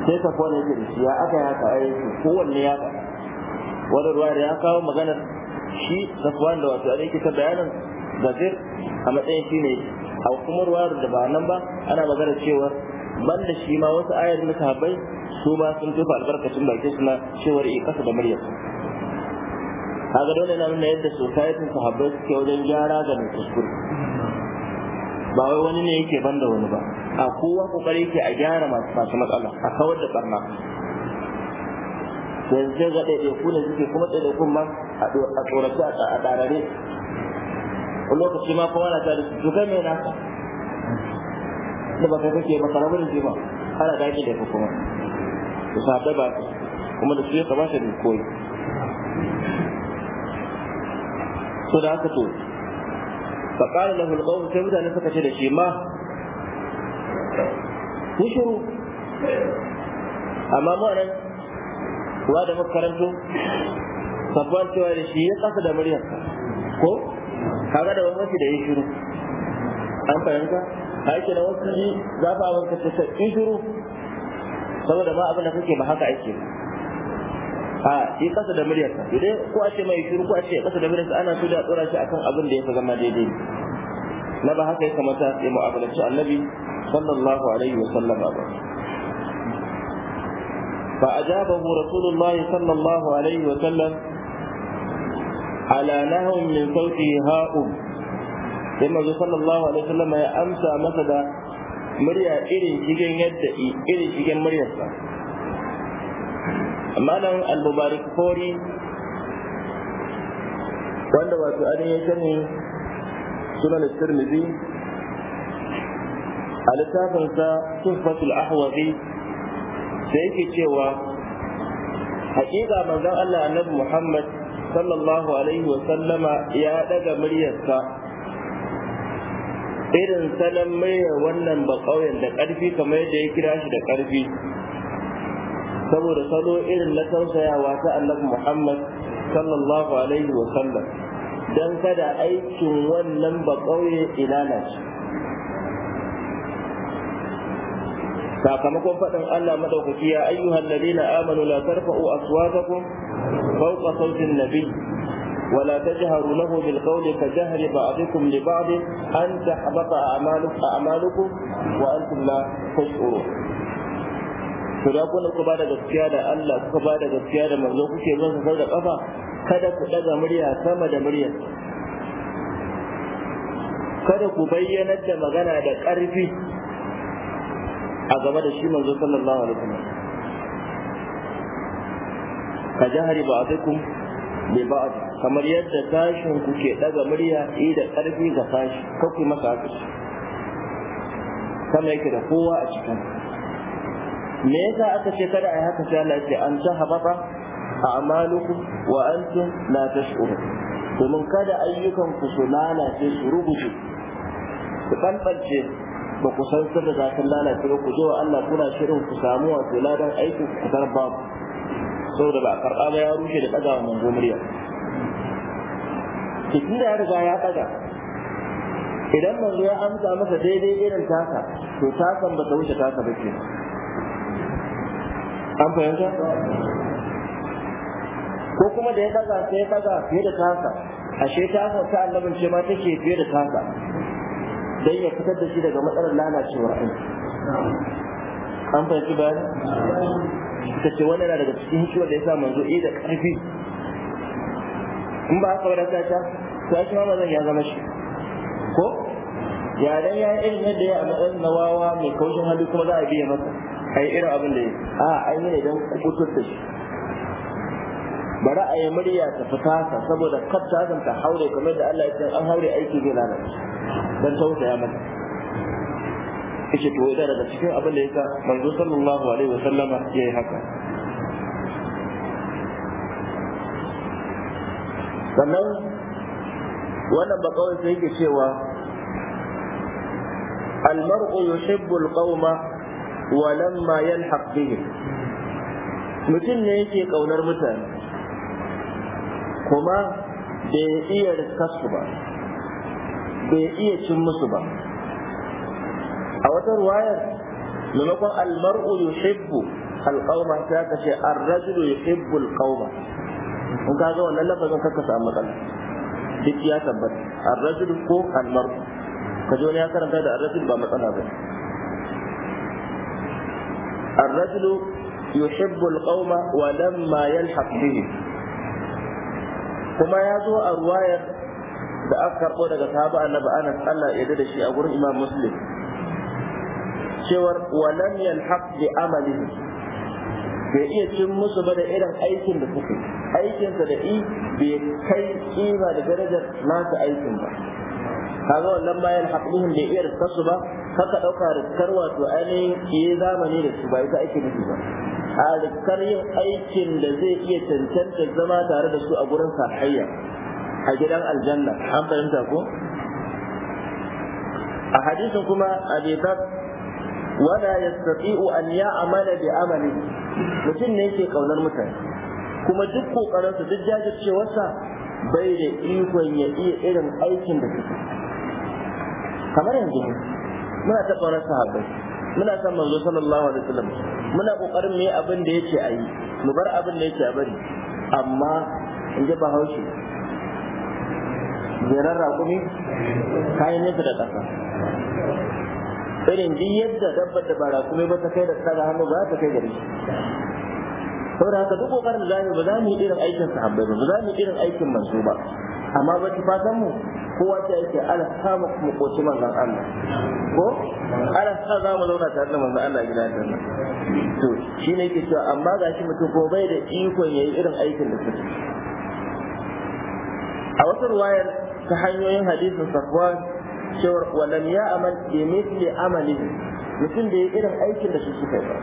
sai safwan yake da shi ya aka ya ka aiki kowanne ya ka wani ruwa da ya kawo maganar shi safwan da wato alaiki ta bayanin gazir a matsayin shi ne a kuma da ba nan ba ana magana cewa banda shi ma wasu ayar na sahabbai su ma sun tufa albarkacin bakin suna cewar i eh, kasa da muryar kaga dole na nuna yadda society sahabbai suke wajen gyara ga mai kuskure ba wai wani ne yake banda wani ba a kowa kokari yake a gyara masu matsala a kawar da barna yanzu zai ga ɗaiɗaiku ne suke kuma ɗaiɗaikun ma a tsorace a ɗarare ko lokaci ma kuma na tare su kai mai na da ba kai kake ba karamin da jima har a daƙi da kuma su sa ba kuma da su ya kamata da koyi to da haka to fa qala lahu al-qawm sai mutane suka ce da shi ma ku shiru amma mu anan wa da makarantu safwan cewa da shi ya kasa da muryarsa ko kaga da wani da ya shiru an fahimta aiki na wasu ji za fa abin ka tafi in shiru saboda ma abin da kake ba haka ake a yi kasa da muryarsa idan ko a ce mai shiru ko a ce kasa da muryarsa ana so da tsora shi akan abin da ya fi zama daidai na ba haka ya kamata ya mu'amalanci annabi sallallahu alaihi wa sallama ba فأجابه رسول الله صلى الله عليه وسلم على نهو من صوته هاؤم ثم صلى الله عليه وسلم يا أمسى مثلا مريا إرن شجن يدعي إرن شجن مريا malam al-mubarak fori wanda wato an yi sani sunan tirmidhi a littafinsa tuhfatul ahwazi da yake cewa haƙiƙa manzon Allah annabi Muhammad sallallahu alaihi wa sallama ya daga muryarsa irin salon mai wannan bakauyen da ƙarfi kamar yadda ya kira shi da ƙarfi saboda salo irin na tausayawa ta annabi Muhammad sallallahu alaihi wa sallam don kada aikin wannan bakauye ilalace sakamakon faɗin Allah madaukaki ya ayyuhan ladina amanu la tarfa'u aswatakum fawqa sawtin nabiy ولا تجهروا له بالقول كجهر بعضكم لبعض أن تحبط أعمالكم وأنتم لا تشعرون to da kuna ku ba da gaskiya da Allah kuka ba da gaskiya da manzo kuke bin sa da kafa kada ku daga murya sama da kada ku bayyanar da magana da ƙarfi a gaba da shi manzo sallallahu alaihi wasallam ka jahari ba'dukum bi ba'd kamar yadda tashin ku ke daga murya eh da karfi ga tashi kakwai masa haka sama yake da kowa a cikin me yasa aka ce kada a yi haka sai Allah ya ce an tahabata a amalukum wa antum la tash'urun domin kada ayyukan ku su lalace su rubuce su ɓanɓance ba ku san sirri za ta lalace ba ku zo Allah kuna shirin ku samu wato ladan aikin ku kusar Sau da ba karɓa ba ya rushe da ɗaga wa mango murya da ya riga ya ɗaga idan manzo ya amsa masa daidai irin tasa to tasan ba ta wuce tasa ba ke an fahimta ko kuma da ya ɗaga sai ya ɗaga fiye da tasa ashe tasa ta annabin ce ma take fiye da tasa don ya fitar da shi daga matsalar lalacewar aiki an fahimci bayan ta ce wannan na daga cikin hikimar da ya sa manzo eh da ƙarfi in ba haka wadata ta to shi ma bazan ya zama shi ko ya dan ya irin yadda ya a matsayin na wawa mai kaushin hali kuma za a biya masa a yi irin abin da ya a an ai ne don kubutar da shi bari a yi murya ta fita ta saboda kar ta zanta haure kamar da Allah ya ce an haure aiki zai lalace dan tausaya mata yake to yana daga cikin abin da yasa manzo sallallahu alaihi wa wasallama yayi haka sannan wannan ba kawai sai yake cewa almar'u yuhibbu alqauma wa lamma yalhaq bihim mutum ne yake kaunar mutane kuma bai iya rikarsu ba bai iya cin musu ba a wata ruwayar maimakon almar'u yuhibbu alqauma ta kace ar-rajulu yuhibbu alqauma in ka zo wannan lafazin ka samu kan duk ya tabbata ar-rajul ko al-mar'u ka ji wani ya karanta da ar-rajul ba matsala ba ar-rajulu yuhibbu al-qauma wa lamma yalhaq bihi kuma ya zo a ruwayar da aka karɓo daga sahaba annabi anas Allah ya yarda da shi a gurin imam muslim cewar walam yalhaq bi amali bai iya cin musu ba da irin aikin da suke aikinsa da i bai kai kima da darajar nasu aikin ba kaga wannan bayan haƙuhin bai iya riskar ba kaka ɗauka riskar wato ainihin ke zamani da su ba ita ake ba harkar yin aikin da zai iya cancanta zama tare da su a gurin sahayya a gidan aljanna an fahimta ko a hadisin kuma abi wala yastati'u an ya'mala bi amali mutum ne yake kaunar mutane kuma duk kokarinsa duk jajircewarsa bai da ikon ya iya irin aikin da suke kamar yanzu muna taɓa rasa sahabbai muna san manzo sallallahu alaihi wasallam muna kokarin mu yi abin da yake a yi mu bar abin da yake a bari amma in ji bahaushe jerar raƙumi kayan nesa da ƙasa irin ji yadda dabbar da ba ba ta kai da tsara hannu ba ta kai da gari saboda haka duk kokarin da ba za mu yi irin aikin sahabbai ba za mu yi irin aikin manzo ba amma ba fatan mu kowa ta yake ala sa mu koci manzon Allah ko ala sa za mu zauna tare da manzon Allah gidan da to shine yake cewa amma gashi mutum ko bai da ikon yayi irin aikin da suke a wasu ruwayar ta hanyoyin hadisin safwan cewar walam ya amal bi mithli amali mutum da yayi irin aikin da su suka ba.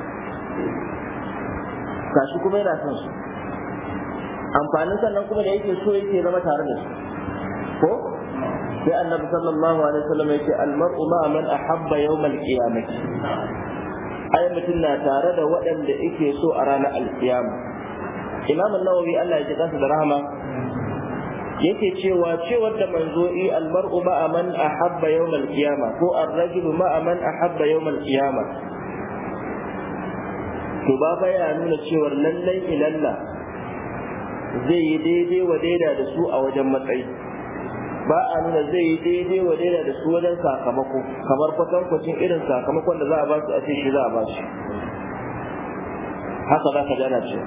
gashi kuma yana son su amfanin sannan kuma da yake so yake zama tare da su ko sai annabi sallallahu alaihi wasallam yake almar'u ma man ahabba yawmal qiyamah ai mutum na tare da waɗanda yake so a ranar alkiyama imam an-nawawi Allah ya ji kansa da rahama yake cewa cewar da manzo i almar'u ma man ahabba yawmal qiyama ko ar-rajulu ma man ahabba yawmal qiyama to ba ya nuna cewar lallai ilalla zai yi daidai wa daida da su a wajen matsayi ba a nuna zai yi daidai wa daida da su wajen sakamako kamar kwatankwacin irin sakamakon da za a ba su a shi za a ba shi haka za ka jana ce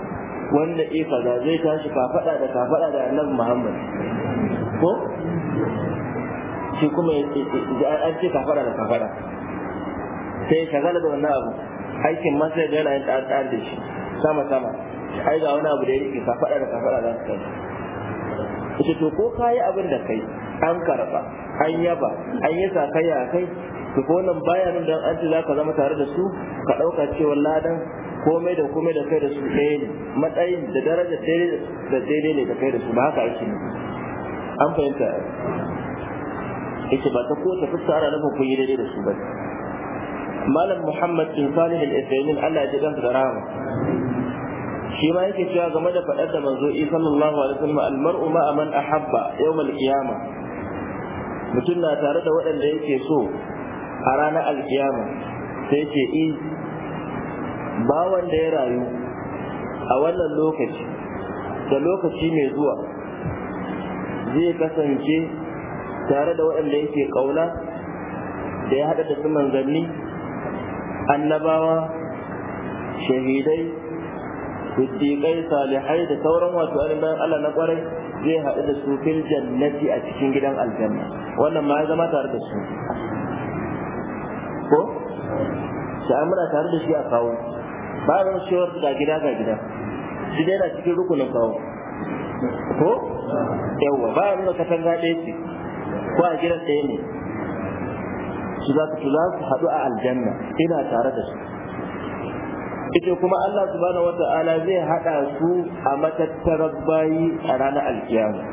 wanda e za zai tashi kafada da kafada da annabi muhammad ko shi kuma an ce kafada da kafada sai ka gana da wannan abu aikin masa yana yin ta'adda da shi sama sama ai ga wani abu da ya rike ka faɗa da ka faɗa za su kai ita to ko kayi abin da kai an karɓa an yaba an yi sakayya a kai to ko nan baya nan dan an ce za ka zama tare da su ka ɗauka cewa ladan komai da komai da kai da su ɗaya ne matsayin da daraja da daidai ne da kai da su ba haka aiki ne an fahimta ita ba ta kowace fuska ana nufin kun yi daidai da su ba malam muhammad bin salih al-isaimin allah ya ji da rahama shi ma yake cewa game da faɗar da manzo isa sallallahu alaihi wasallam almar'u ma'a man ahabba yawmal qiyama mutum na tare da waɗanda yake so a ranar alkiyama sai yake i bawan da ya rayu a wannan lokaci da lokaci mai zuwa zai kasance tare da waɗanda yake ƙauna da ya haɗa da su manzanni annabawa shahidai siddiqai salihai da sauran wato ainihin bayan Allah na kwarai zai haɗu da su fil jannati a cikin gidan aljanna wannan ma ya zama tare da su ko sai muna tare da shi a kawo ba zan cewar ga gida ga gida shi dai na cikin rukunin kawo ko yawwa ba ya nuna katanga ɗaya ce ko a gidan ɗaya ne su za su haɗu a aljanna ina tare da su ita kuma Allah subhanahu wata'ala zai hada su a matattarar bayi a ranar alkiyama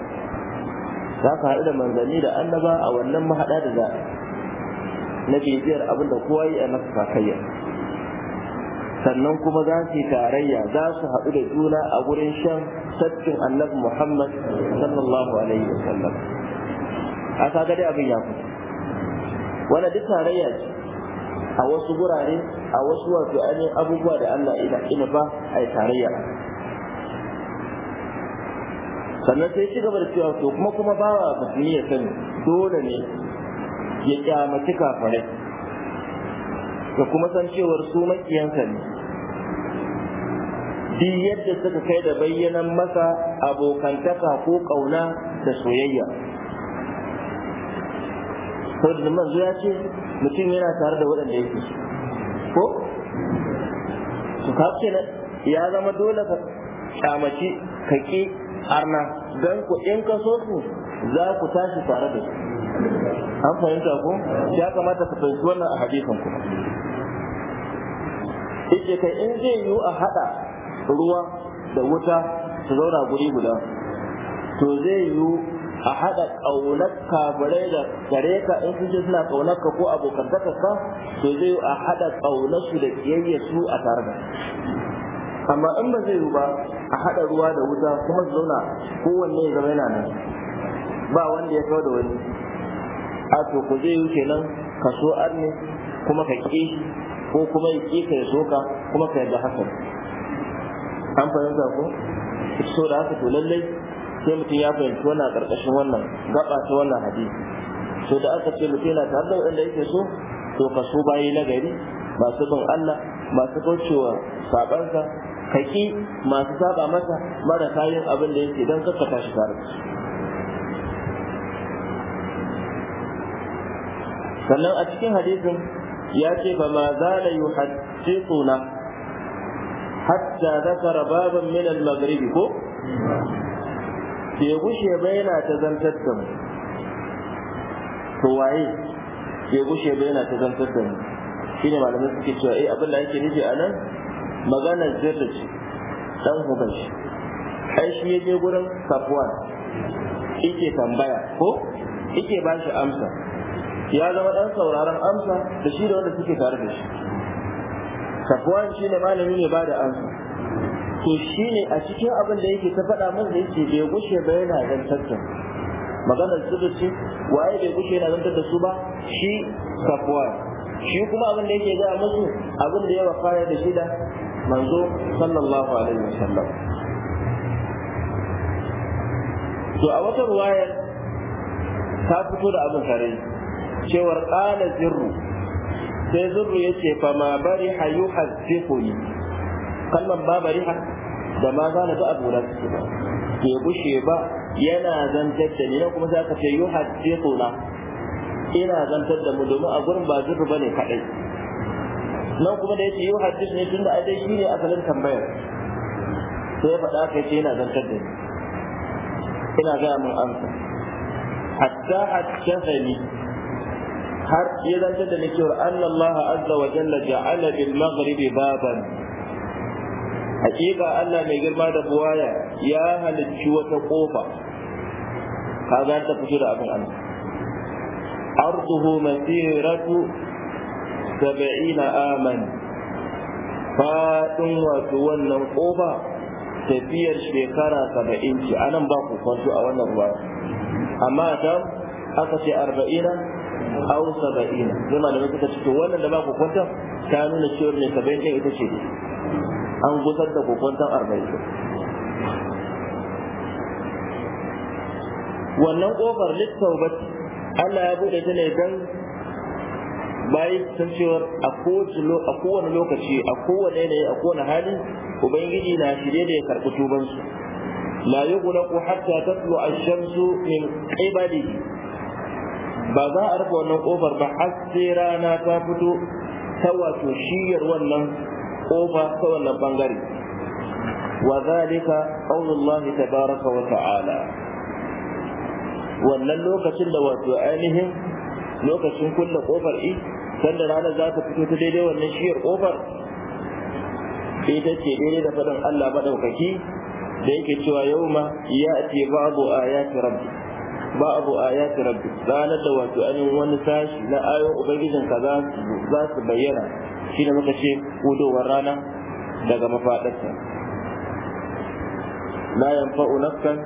za ka haɗu da manzanni da annaba a wannan mahaɗa da za na bibiyar abin da kowa yi a masa kakayya sannan kuma za su yi tarayya za su haɗu da juna a gurin shan sattin annabi muhammad sallallahu alaihi wa sallam a kaga dai abin ya fito Wani duk tarayya a wasu gurare a wasu wato ainihin abubuwa da Allah ina ina ba a yi tarayya sannan sai ci gaba da cewa to kuma kuma bawa musulmi ya sani dole ne ya kyamaci kafare da kuma san cewar su makiyansa ne duk yadda suka kai da bayyanan masa abokantaka ko ƙauna da soyayya saboda manzo ya ce mutum yana tare da waɗanda yake so ko Su ka ya zama dole ka kyamaci ka ki arna don ku in ka so su za ku tashi tare da su an fahimta ku? ya kamata ka fahimci wannan a hadisan ku yake kai in zai yiwu a hada ruwa da wuta su zauna guri guda to zai yiwu a haɗa ƙaunar kafirai da gare ka in sun ce suna ƙaunar ka ko abokantakar ka to zai a haɗa ƙaunar su da kiyayya su a tare da amma in ba zai yi ba a haɗa ruwa da wuta kuma su zauna kowanne ya zama yana nan ba wanda ya kawo da wani a to ku zai yi kenan ka so arne kuma ka ƙi ko kuma ya ƙi ka ya ka, kuma ka yarda hakan an fahimta ko so da haka to lallai sai mutum ya fahimci wannan a ƙarƙashin wannan gaba ta wannan hadisi to da aka ce mutum yana tare da waɗanda yake so to ka so bayi na gari masu bin Allah masu kaucewa sabansa kaki masu saba masa mara kayan abin da yake don kakka tashi tare da sannan a cikin hadisin ya ce ba ma za zala yuhaddithuna hatta zakara baban min al-maghribi ko shegu shebe yana ta zantar da mu to waye shegu shebe yana ta zantar da mu ne malamai suke cewa eh abin da yake nufi a nan maganar zirri ce dan hubashi ai shi ya je gurin safwan yake tambaya ko yake ba shi amsa ya zama dan sauraron amsa da shi da wanda suke tare da shi shi shine malami ne ba da amsa to shi ne a cikin abin da yake ta faɗa min da yake bai gushe ba yana zantar da maganar su ce waye bai gushe yana zantar da su ba shi safuwa shi kuma abin da yake gaya musu abin da ya wafaya da shi da manzo sallallahu alaihi wasallam to a wata ruwaya ta fito da abin kare cewar qala zirru sai zurru yace fa ma bari hayu hazzifuni kalman babu riha da ma za zana da abu da suke ba ke gushe ba yana zantar da ni na kuma za ka ce yi haddithuna ina zantar da mu domin a gurin ba ba ne kadai nan kuma da ya yace yi haddith ne tun da ai dai shine asalin tambayar sai faɗa kai ce yana zantar da ni ina gaya mun amsa hatta hali. har ya zantar da ni cewa Allah azza wa jalla ja'ala bil maghribi baban hakika Allah mai girma da buwaya ya halicci wata kofa kaga ta fito da abin Allah arduhu masiratu sab'ina aman fadin wato wannan kofa tafiyar shekara saba'in ce anan ba ku kwanto a wannan ruwa amma ta aka ce arba'ina au saba'ina zai malamai suka ce to wannan da ba ku kwanta ta nuna cewar ne saba'in ita ce an gusar da kokwanton arba'in wannan kofar ba Allah ya bude ta ne don bayi san cewar a kowane lokaci a kowane yanayi a kowane hali ubangiji na shirye da ya karɓi tubansu la yughlaqu hatta tatlu ash-shamsu min qiblihi ba za a rufe wannan kofar ba har sai rana ta fito ta wato shiyar wannan kofa ta wannan bangare wa zalika qaulullah tabaraka wa ta'ala wannan lokacin da wato ainihin lokacin kulle kofar i sanda rana za ta fito ta daidai wannan shiyar kofar ita ce daidai da faɗin Allah madaukaki da yake cewa yauma ya'ti ba'du ayati rabbi ba'du ayati rabbi ranar da wato ainihin wani sashi na ayoyin ubangijin kaza za su bayyana shi ne muka ce kudowar rana daga mafaɗarsa. Na yamfa unaskan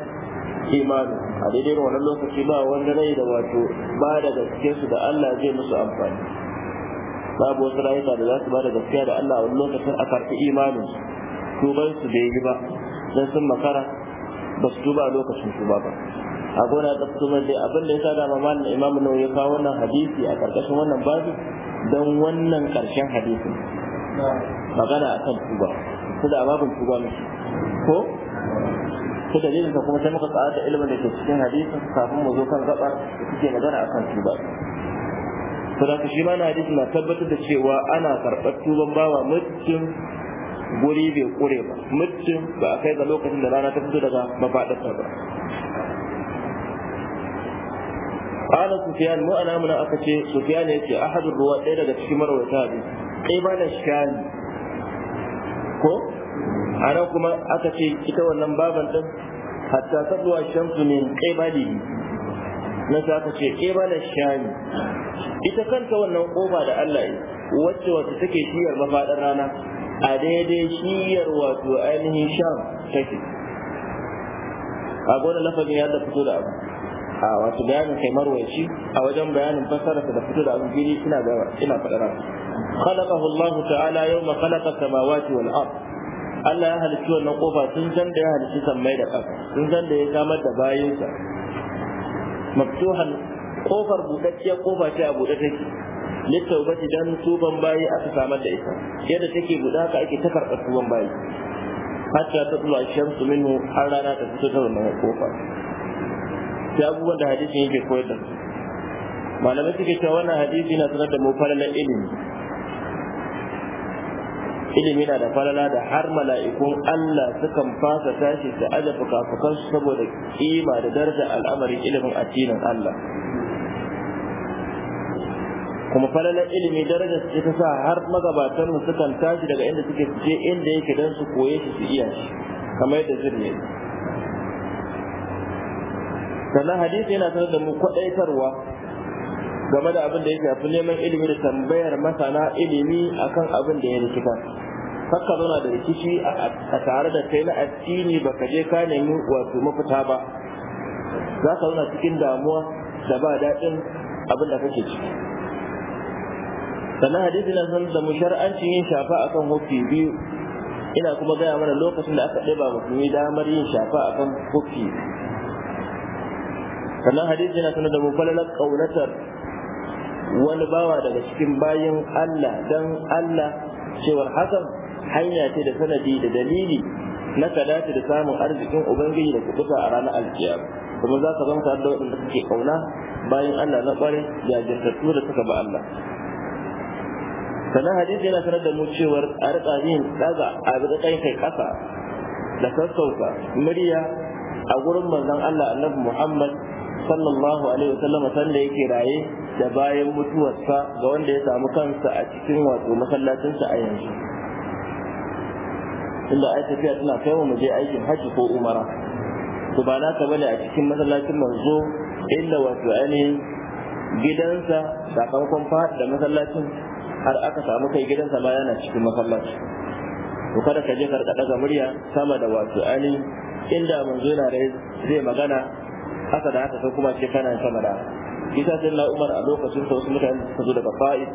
imanu a daidai wannan lokaci ba wani rai da wato ba da gaske su da Allah zai musu amfani babu wasu rayuka da za su ba da gaskiya da Allah wani lokacin a karfi imanin bai su bai yi ba don sun makara ba su tuba lokacin su ba ba. a gona ta tuba dai abin da ya sa dama malin imamu ya kawo wannan hadisi a karkashin wannan babu don wannan ƙarshen hadisin magana a kan tuba su da babin tuba ne ko su dalilin kuma sai muka tsara da ilimin da ke cikin hadisin kafin mu zo kan gaba da suke magana a kan tuba sadaka shi ma na hadisi na tabbatar da cewa ana karɓar tuban bawa mutum guri bai kure ba mutum ba a kai ga lokacin da rana ta fito daga mafaɗarsa ba qala سفيان مو انا من aka ce يكي yace ahadur ruwa ɗaya daga cikin marwata اي kai ba كو انا ko ana kuma aka ce ita wannan baban din hatta tadwa shamsu min qibali na ta aka ce qibala shani ita kanta wannan kofa da Allah ya wacce wacce take shiyar mafaɗin rana a daidai shiyar wato ainihin shan take a gona lafazin ya da fito da abu a wato bayanin kai marwaci a wajen bayanin fasararsa da fito da abin gini ina ga ina faɗa na khalaqahu Allahu ta'ala yawma khalaqa samawati wal ard Allah ya halicci wannan kofa tun zan da ya halicci sammai da ƙasa tun zan da ya samar da bayinsa maftuhan kofar budacciyar kofa ce a buɗe take littaubati dan tuban bayi aka samar da ita yadda take buɗe haka ake ta karɓar tuban bayi hatta ta tsula shamsu minhu har rana ta fito ta wannan kofa sai abubuwan da hadisin yake koyar da malamai suke cewa wannan hadisi na sanar da mu falalar ilimi ilimi na da falala da har mala'ikun Allah sukan fasa tashi su aje fukafukan saboda kima da darajar al'amarin ilimin addinin Allah kuma falalar ilimi darajar su ta sa har magabatan mu sukan tashi daga inda suke je inda yake dan su koye shi su iya shi kamar yadda yake sannan hadisi yana sanar da mu kwaɗaitarwa game da abin da ya shafi neman ilimi da tambayar masana ilimi akan abin da ya rikita kakka zauna da rikici a tare da kai na addini ka je ka nemi wato mafita ba za ka zauna cikin damuwa da ba daɗin abin da kake ciki sannan hadisi na sanar da mu shar'ancin yin shafa akan hufi biyu ina kuma gaya mana lokacin da aka ɗeba mutumi damar yin shafa akan hufi sannan hadisi yana sanar da mu falalar kaunatar wani bawa daga cikin bayan Allah dan Allah cewar hakan hanya ce da sanadi da dalili na kadace da samun arzikin ubangiji da kubuta a ranar alkiyama kuma za ka zanta da waɗanda suke kauna bayan Allah na ƙware jajirtattu da suka ba Allah sannan hadisi yana sanar da mu cewar a riƙa yin ɗaga a riƙa kai kai ƙasa da sassauta murya a gurin manzon Allah annabi Muhammad sallallahu alaihi wasallam sanda yake raye da bayan mutuwarsa ga wanda ya samu kansa a cikin wato masallacinsa a yanzu tunda ai tafiya tana kai mu je aikin haji ko umara to ba na ka bane a cikin masallacin manzo illa wato ainihin gidansa sakamakon fahad da masallacin har aka samu kai gidansa ma yana cikin masallaci to kada ka je karka daga murya sama da wato ainihin inda manzo yana zai magana haka da haka sai kuma ce kana sama da isa sai na umar a lokacin sa wasu mutane suka zo daga fa'id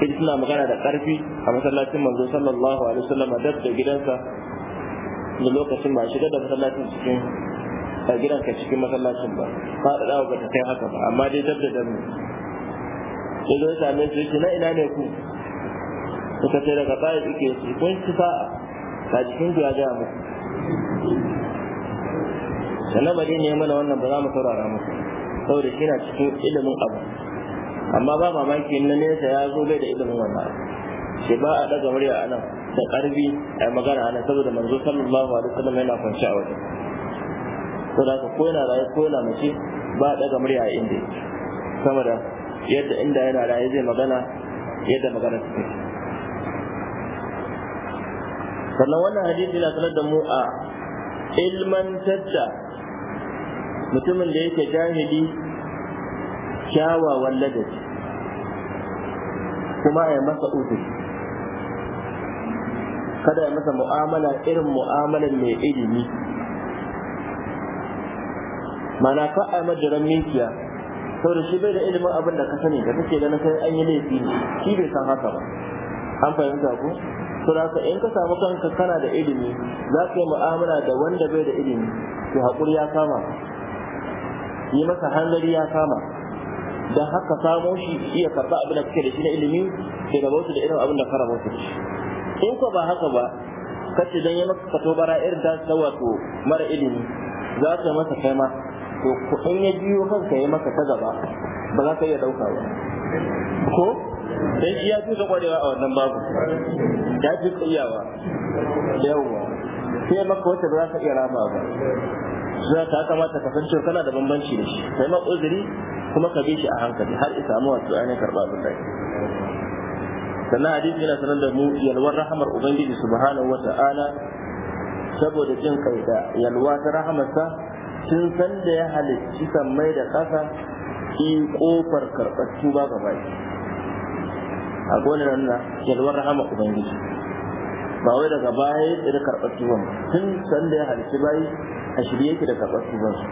sai suna magana da karfi a masallacin manzo sallallahu alaihi wasallam da da gidansa da lokacin ba shiga da masallacin cikin a gidan ka cikin masallacin ba Ba faɗaɗa ba ta kai haka ba amma dai dab da dab ne sai zo same su yake na ina ne ku suka ce daga fa'id yake su kun ci sa'a. ta jikin ku ya gaya muku da na madina mana wannan ba za mu saurara masa saboda shi na cikin ilimin abu amma ba mamaki na nesa ya zo bai da ilimin wannan shi ba a daga murya a nan da karbi a magana a nan saboda manzo sallallahu alaihi wasallam yana kwance a wajen da ka ko yana raye ko yana mace ba a daga murya a inda sama da yadda inda yana raye zai magana yadda magana take sannan wannan hadisi na sanar da mu a ilmantar da mutumin da yake jahili kyawawan ladabi kuma ya masa uzuri kada ya masa mu'amala irin mu'amalar mai ilimi mana ka a majaran mikiya saboda shi bai da ilimin abin da ka sani da kake ganin sai an yi laifi shi bai san haka ba an fahimta ku to da in ka samu kanka kana da ilimi za ka yi mu'amala da wanda bai da ilimi to haƙuri ya kama yi masa hanzari ya kama da haka samo shi iya karɓa abin da kake da shi na ilimi ke bautu da irin abin da fara bautu da shi in ko ba haka ba kace dan yi maka kato bara irin ta ta wato mara ilimi za ta masa kai ma to kuɗin ya biyo kanka ya maka ta gaba ba za ka iya ɗauka ba ko dan iya ji da kwarewa a wannan babu ya fi tsayawa yawa sai maka wata ba za ka iya rama ba za ta kamata ka san cewa kana da bambanci da shi sai ma uzuri kuma ka bi shi a hankali har isa mu wato ainihin karɓa abin da sannan hadisi yana sanar da mu yalwar rahamar ubangiji subhanahu wa ta'ala saboda jin kai da yalwa ta rahamarsa tun san da ya halicci sammai da ƙasa ki kofar karɓar tuba gaba a gonar nan yalwar rahama ubangiji ba wai daga baya ya tsiri karɓar tuban tun san da ya halicci bayi a shirye ki da karɓar tuban su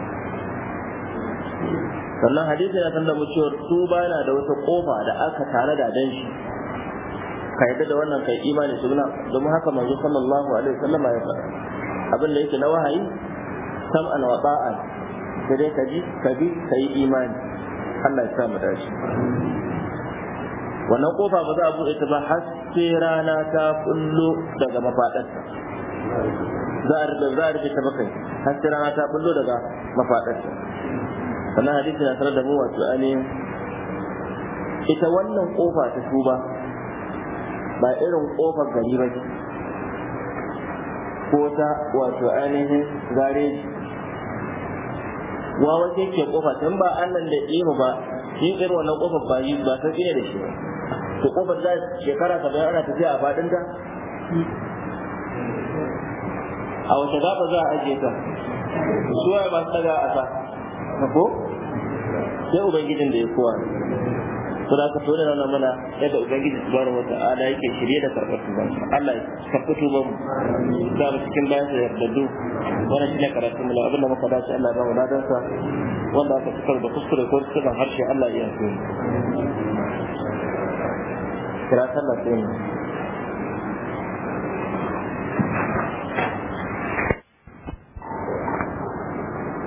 sannan hadisi na sanda mu cewa ba na da wata kofa da aka tare da dan shi ka yadda da wannan kai imani su na domin haka manzo sallallahu alaihi wasallam ya faɗa abin da yake na wahayi sam'an wa ta'an sai dai ka ji ka bi ka yi imani Allah ya sa mu dace wannan kofa ba za a buɗe ta ba har sai rana ta kullu daga mafaɗarsa za a rufe ta bakai har sai rana ta bullo daga mafaɗar. sannan hadisi na sanar da mu wato ainihin ita wannan kofa ta tuba ba irin kofar gari ba ce ko ta wato ainihin gareji wa wace ke kofa tun ba annan da ihu ba yin irin wannan kofar ba yi ba san ina da shi ba to kofar za shekara saba'in ana tafiya a faɗin ta a wata zaba za a ajiye ta su waye masu daga a sa ko sai ubangijin da ya kowa suna ka tona nuna mana yadda ubangiji bari wata ala yake shirye da karɓar ba. Allah ya karɓi tuban mu za mu cikin bayan sa wani shi ne karatu mu abinda muka dace Allah ya ba dadan sa wanda aka fitar da kuskure ko harshe Allah ya yi karatun da sai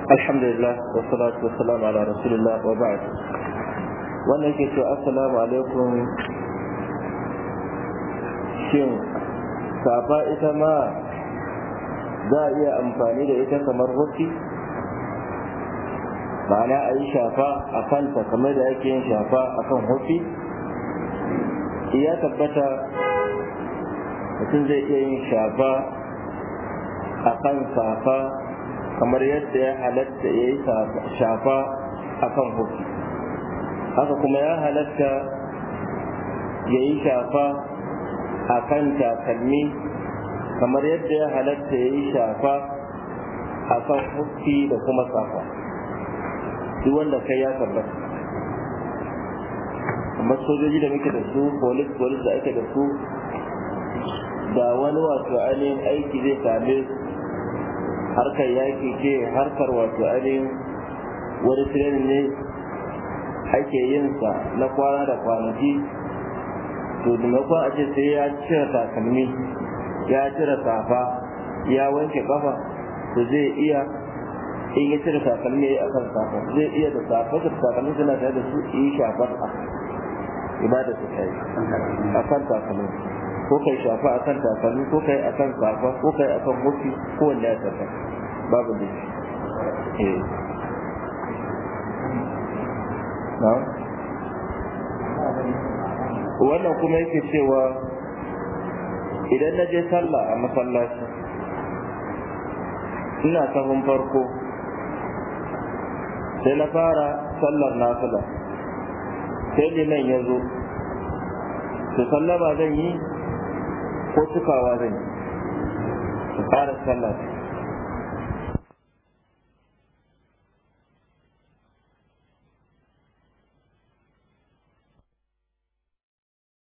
alhamdulillah wa salatu wa salam ala rasulillah wa wannan ke cewa assalamu alaikum shin safa ita ma za a iya amfani da ita kamar hoti ma'ana a yi shafa a kanta kamar da ake yin shafa a kan hoti ya tabbata mutum zai iya yin shafa a kan safa kamar yadda ya halatta ya yi shafa a kan hukki haka kuma ya halatta ya yi shafa a kan takalmi kamar yadda ya halatta ya yi shafa a kan hukki da kuma safa duk wanda kai ya tabbata kamar sojoji da muke da su polis polis da ake da su da wani wasu ainihin aiki zai same su harkar yaƙi ce harkar wato ainihin wani training ne ake yin sa na kwana da kwanaki to maimakon a ce sai ya cire takalmi ya cire safa ya wanke kafa to zai iya in ya cire takalmi ya yi akan safa zai iya da safa da takalmi suna tare da su yi shafar a ibada su kai akan takalmi ko kai shafa a kan takalmi ko kai kan safa ko kai kan mutu ko wanda ya tafa babu da eh. shi wannan kuma yake cewa idan na je sallah a masallaci ina sahun farko sai na fara sallar nafila sai nan ya zo su sallama zan yi ko cikawa zan yi fara sallah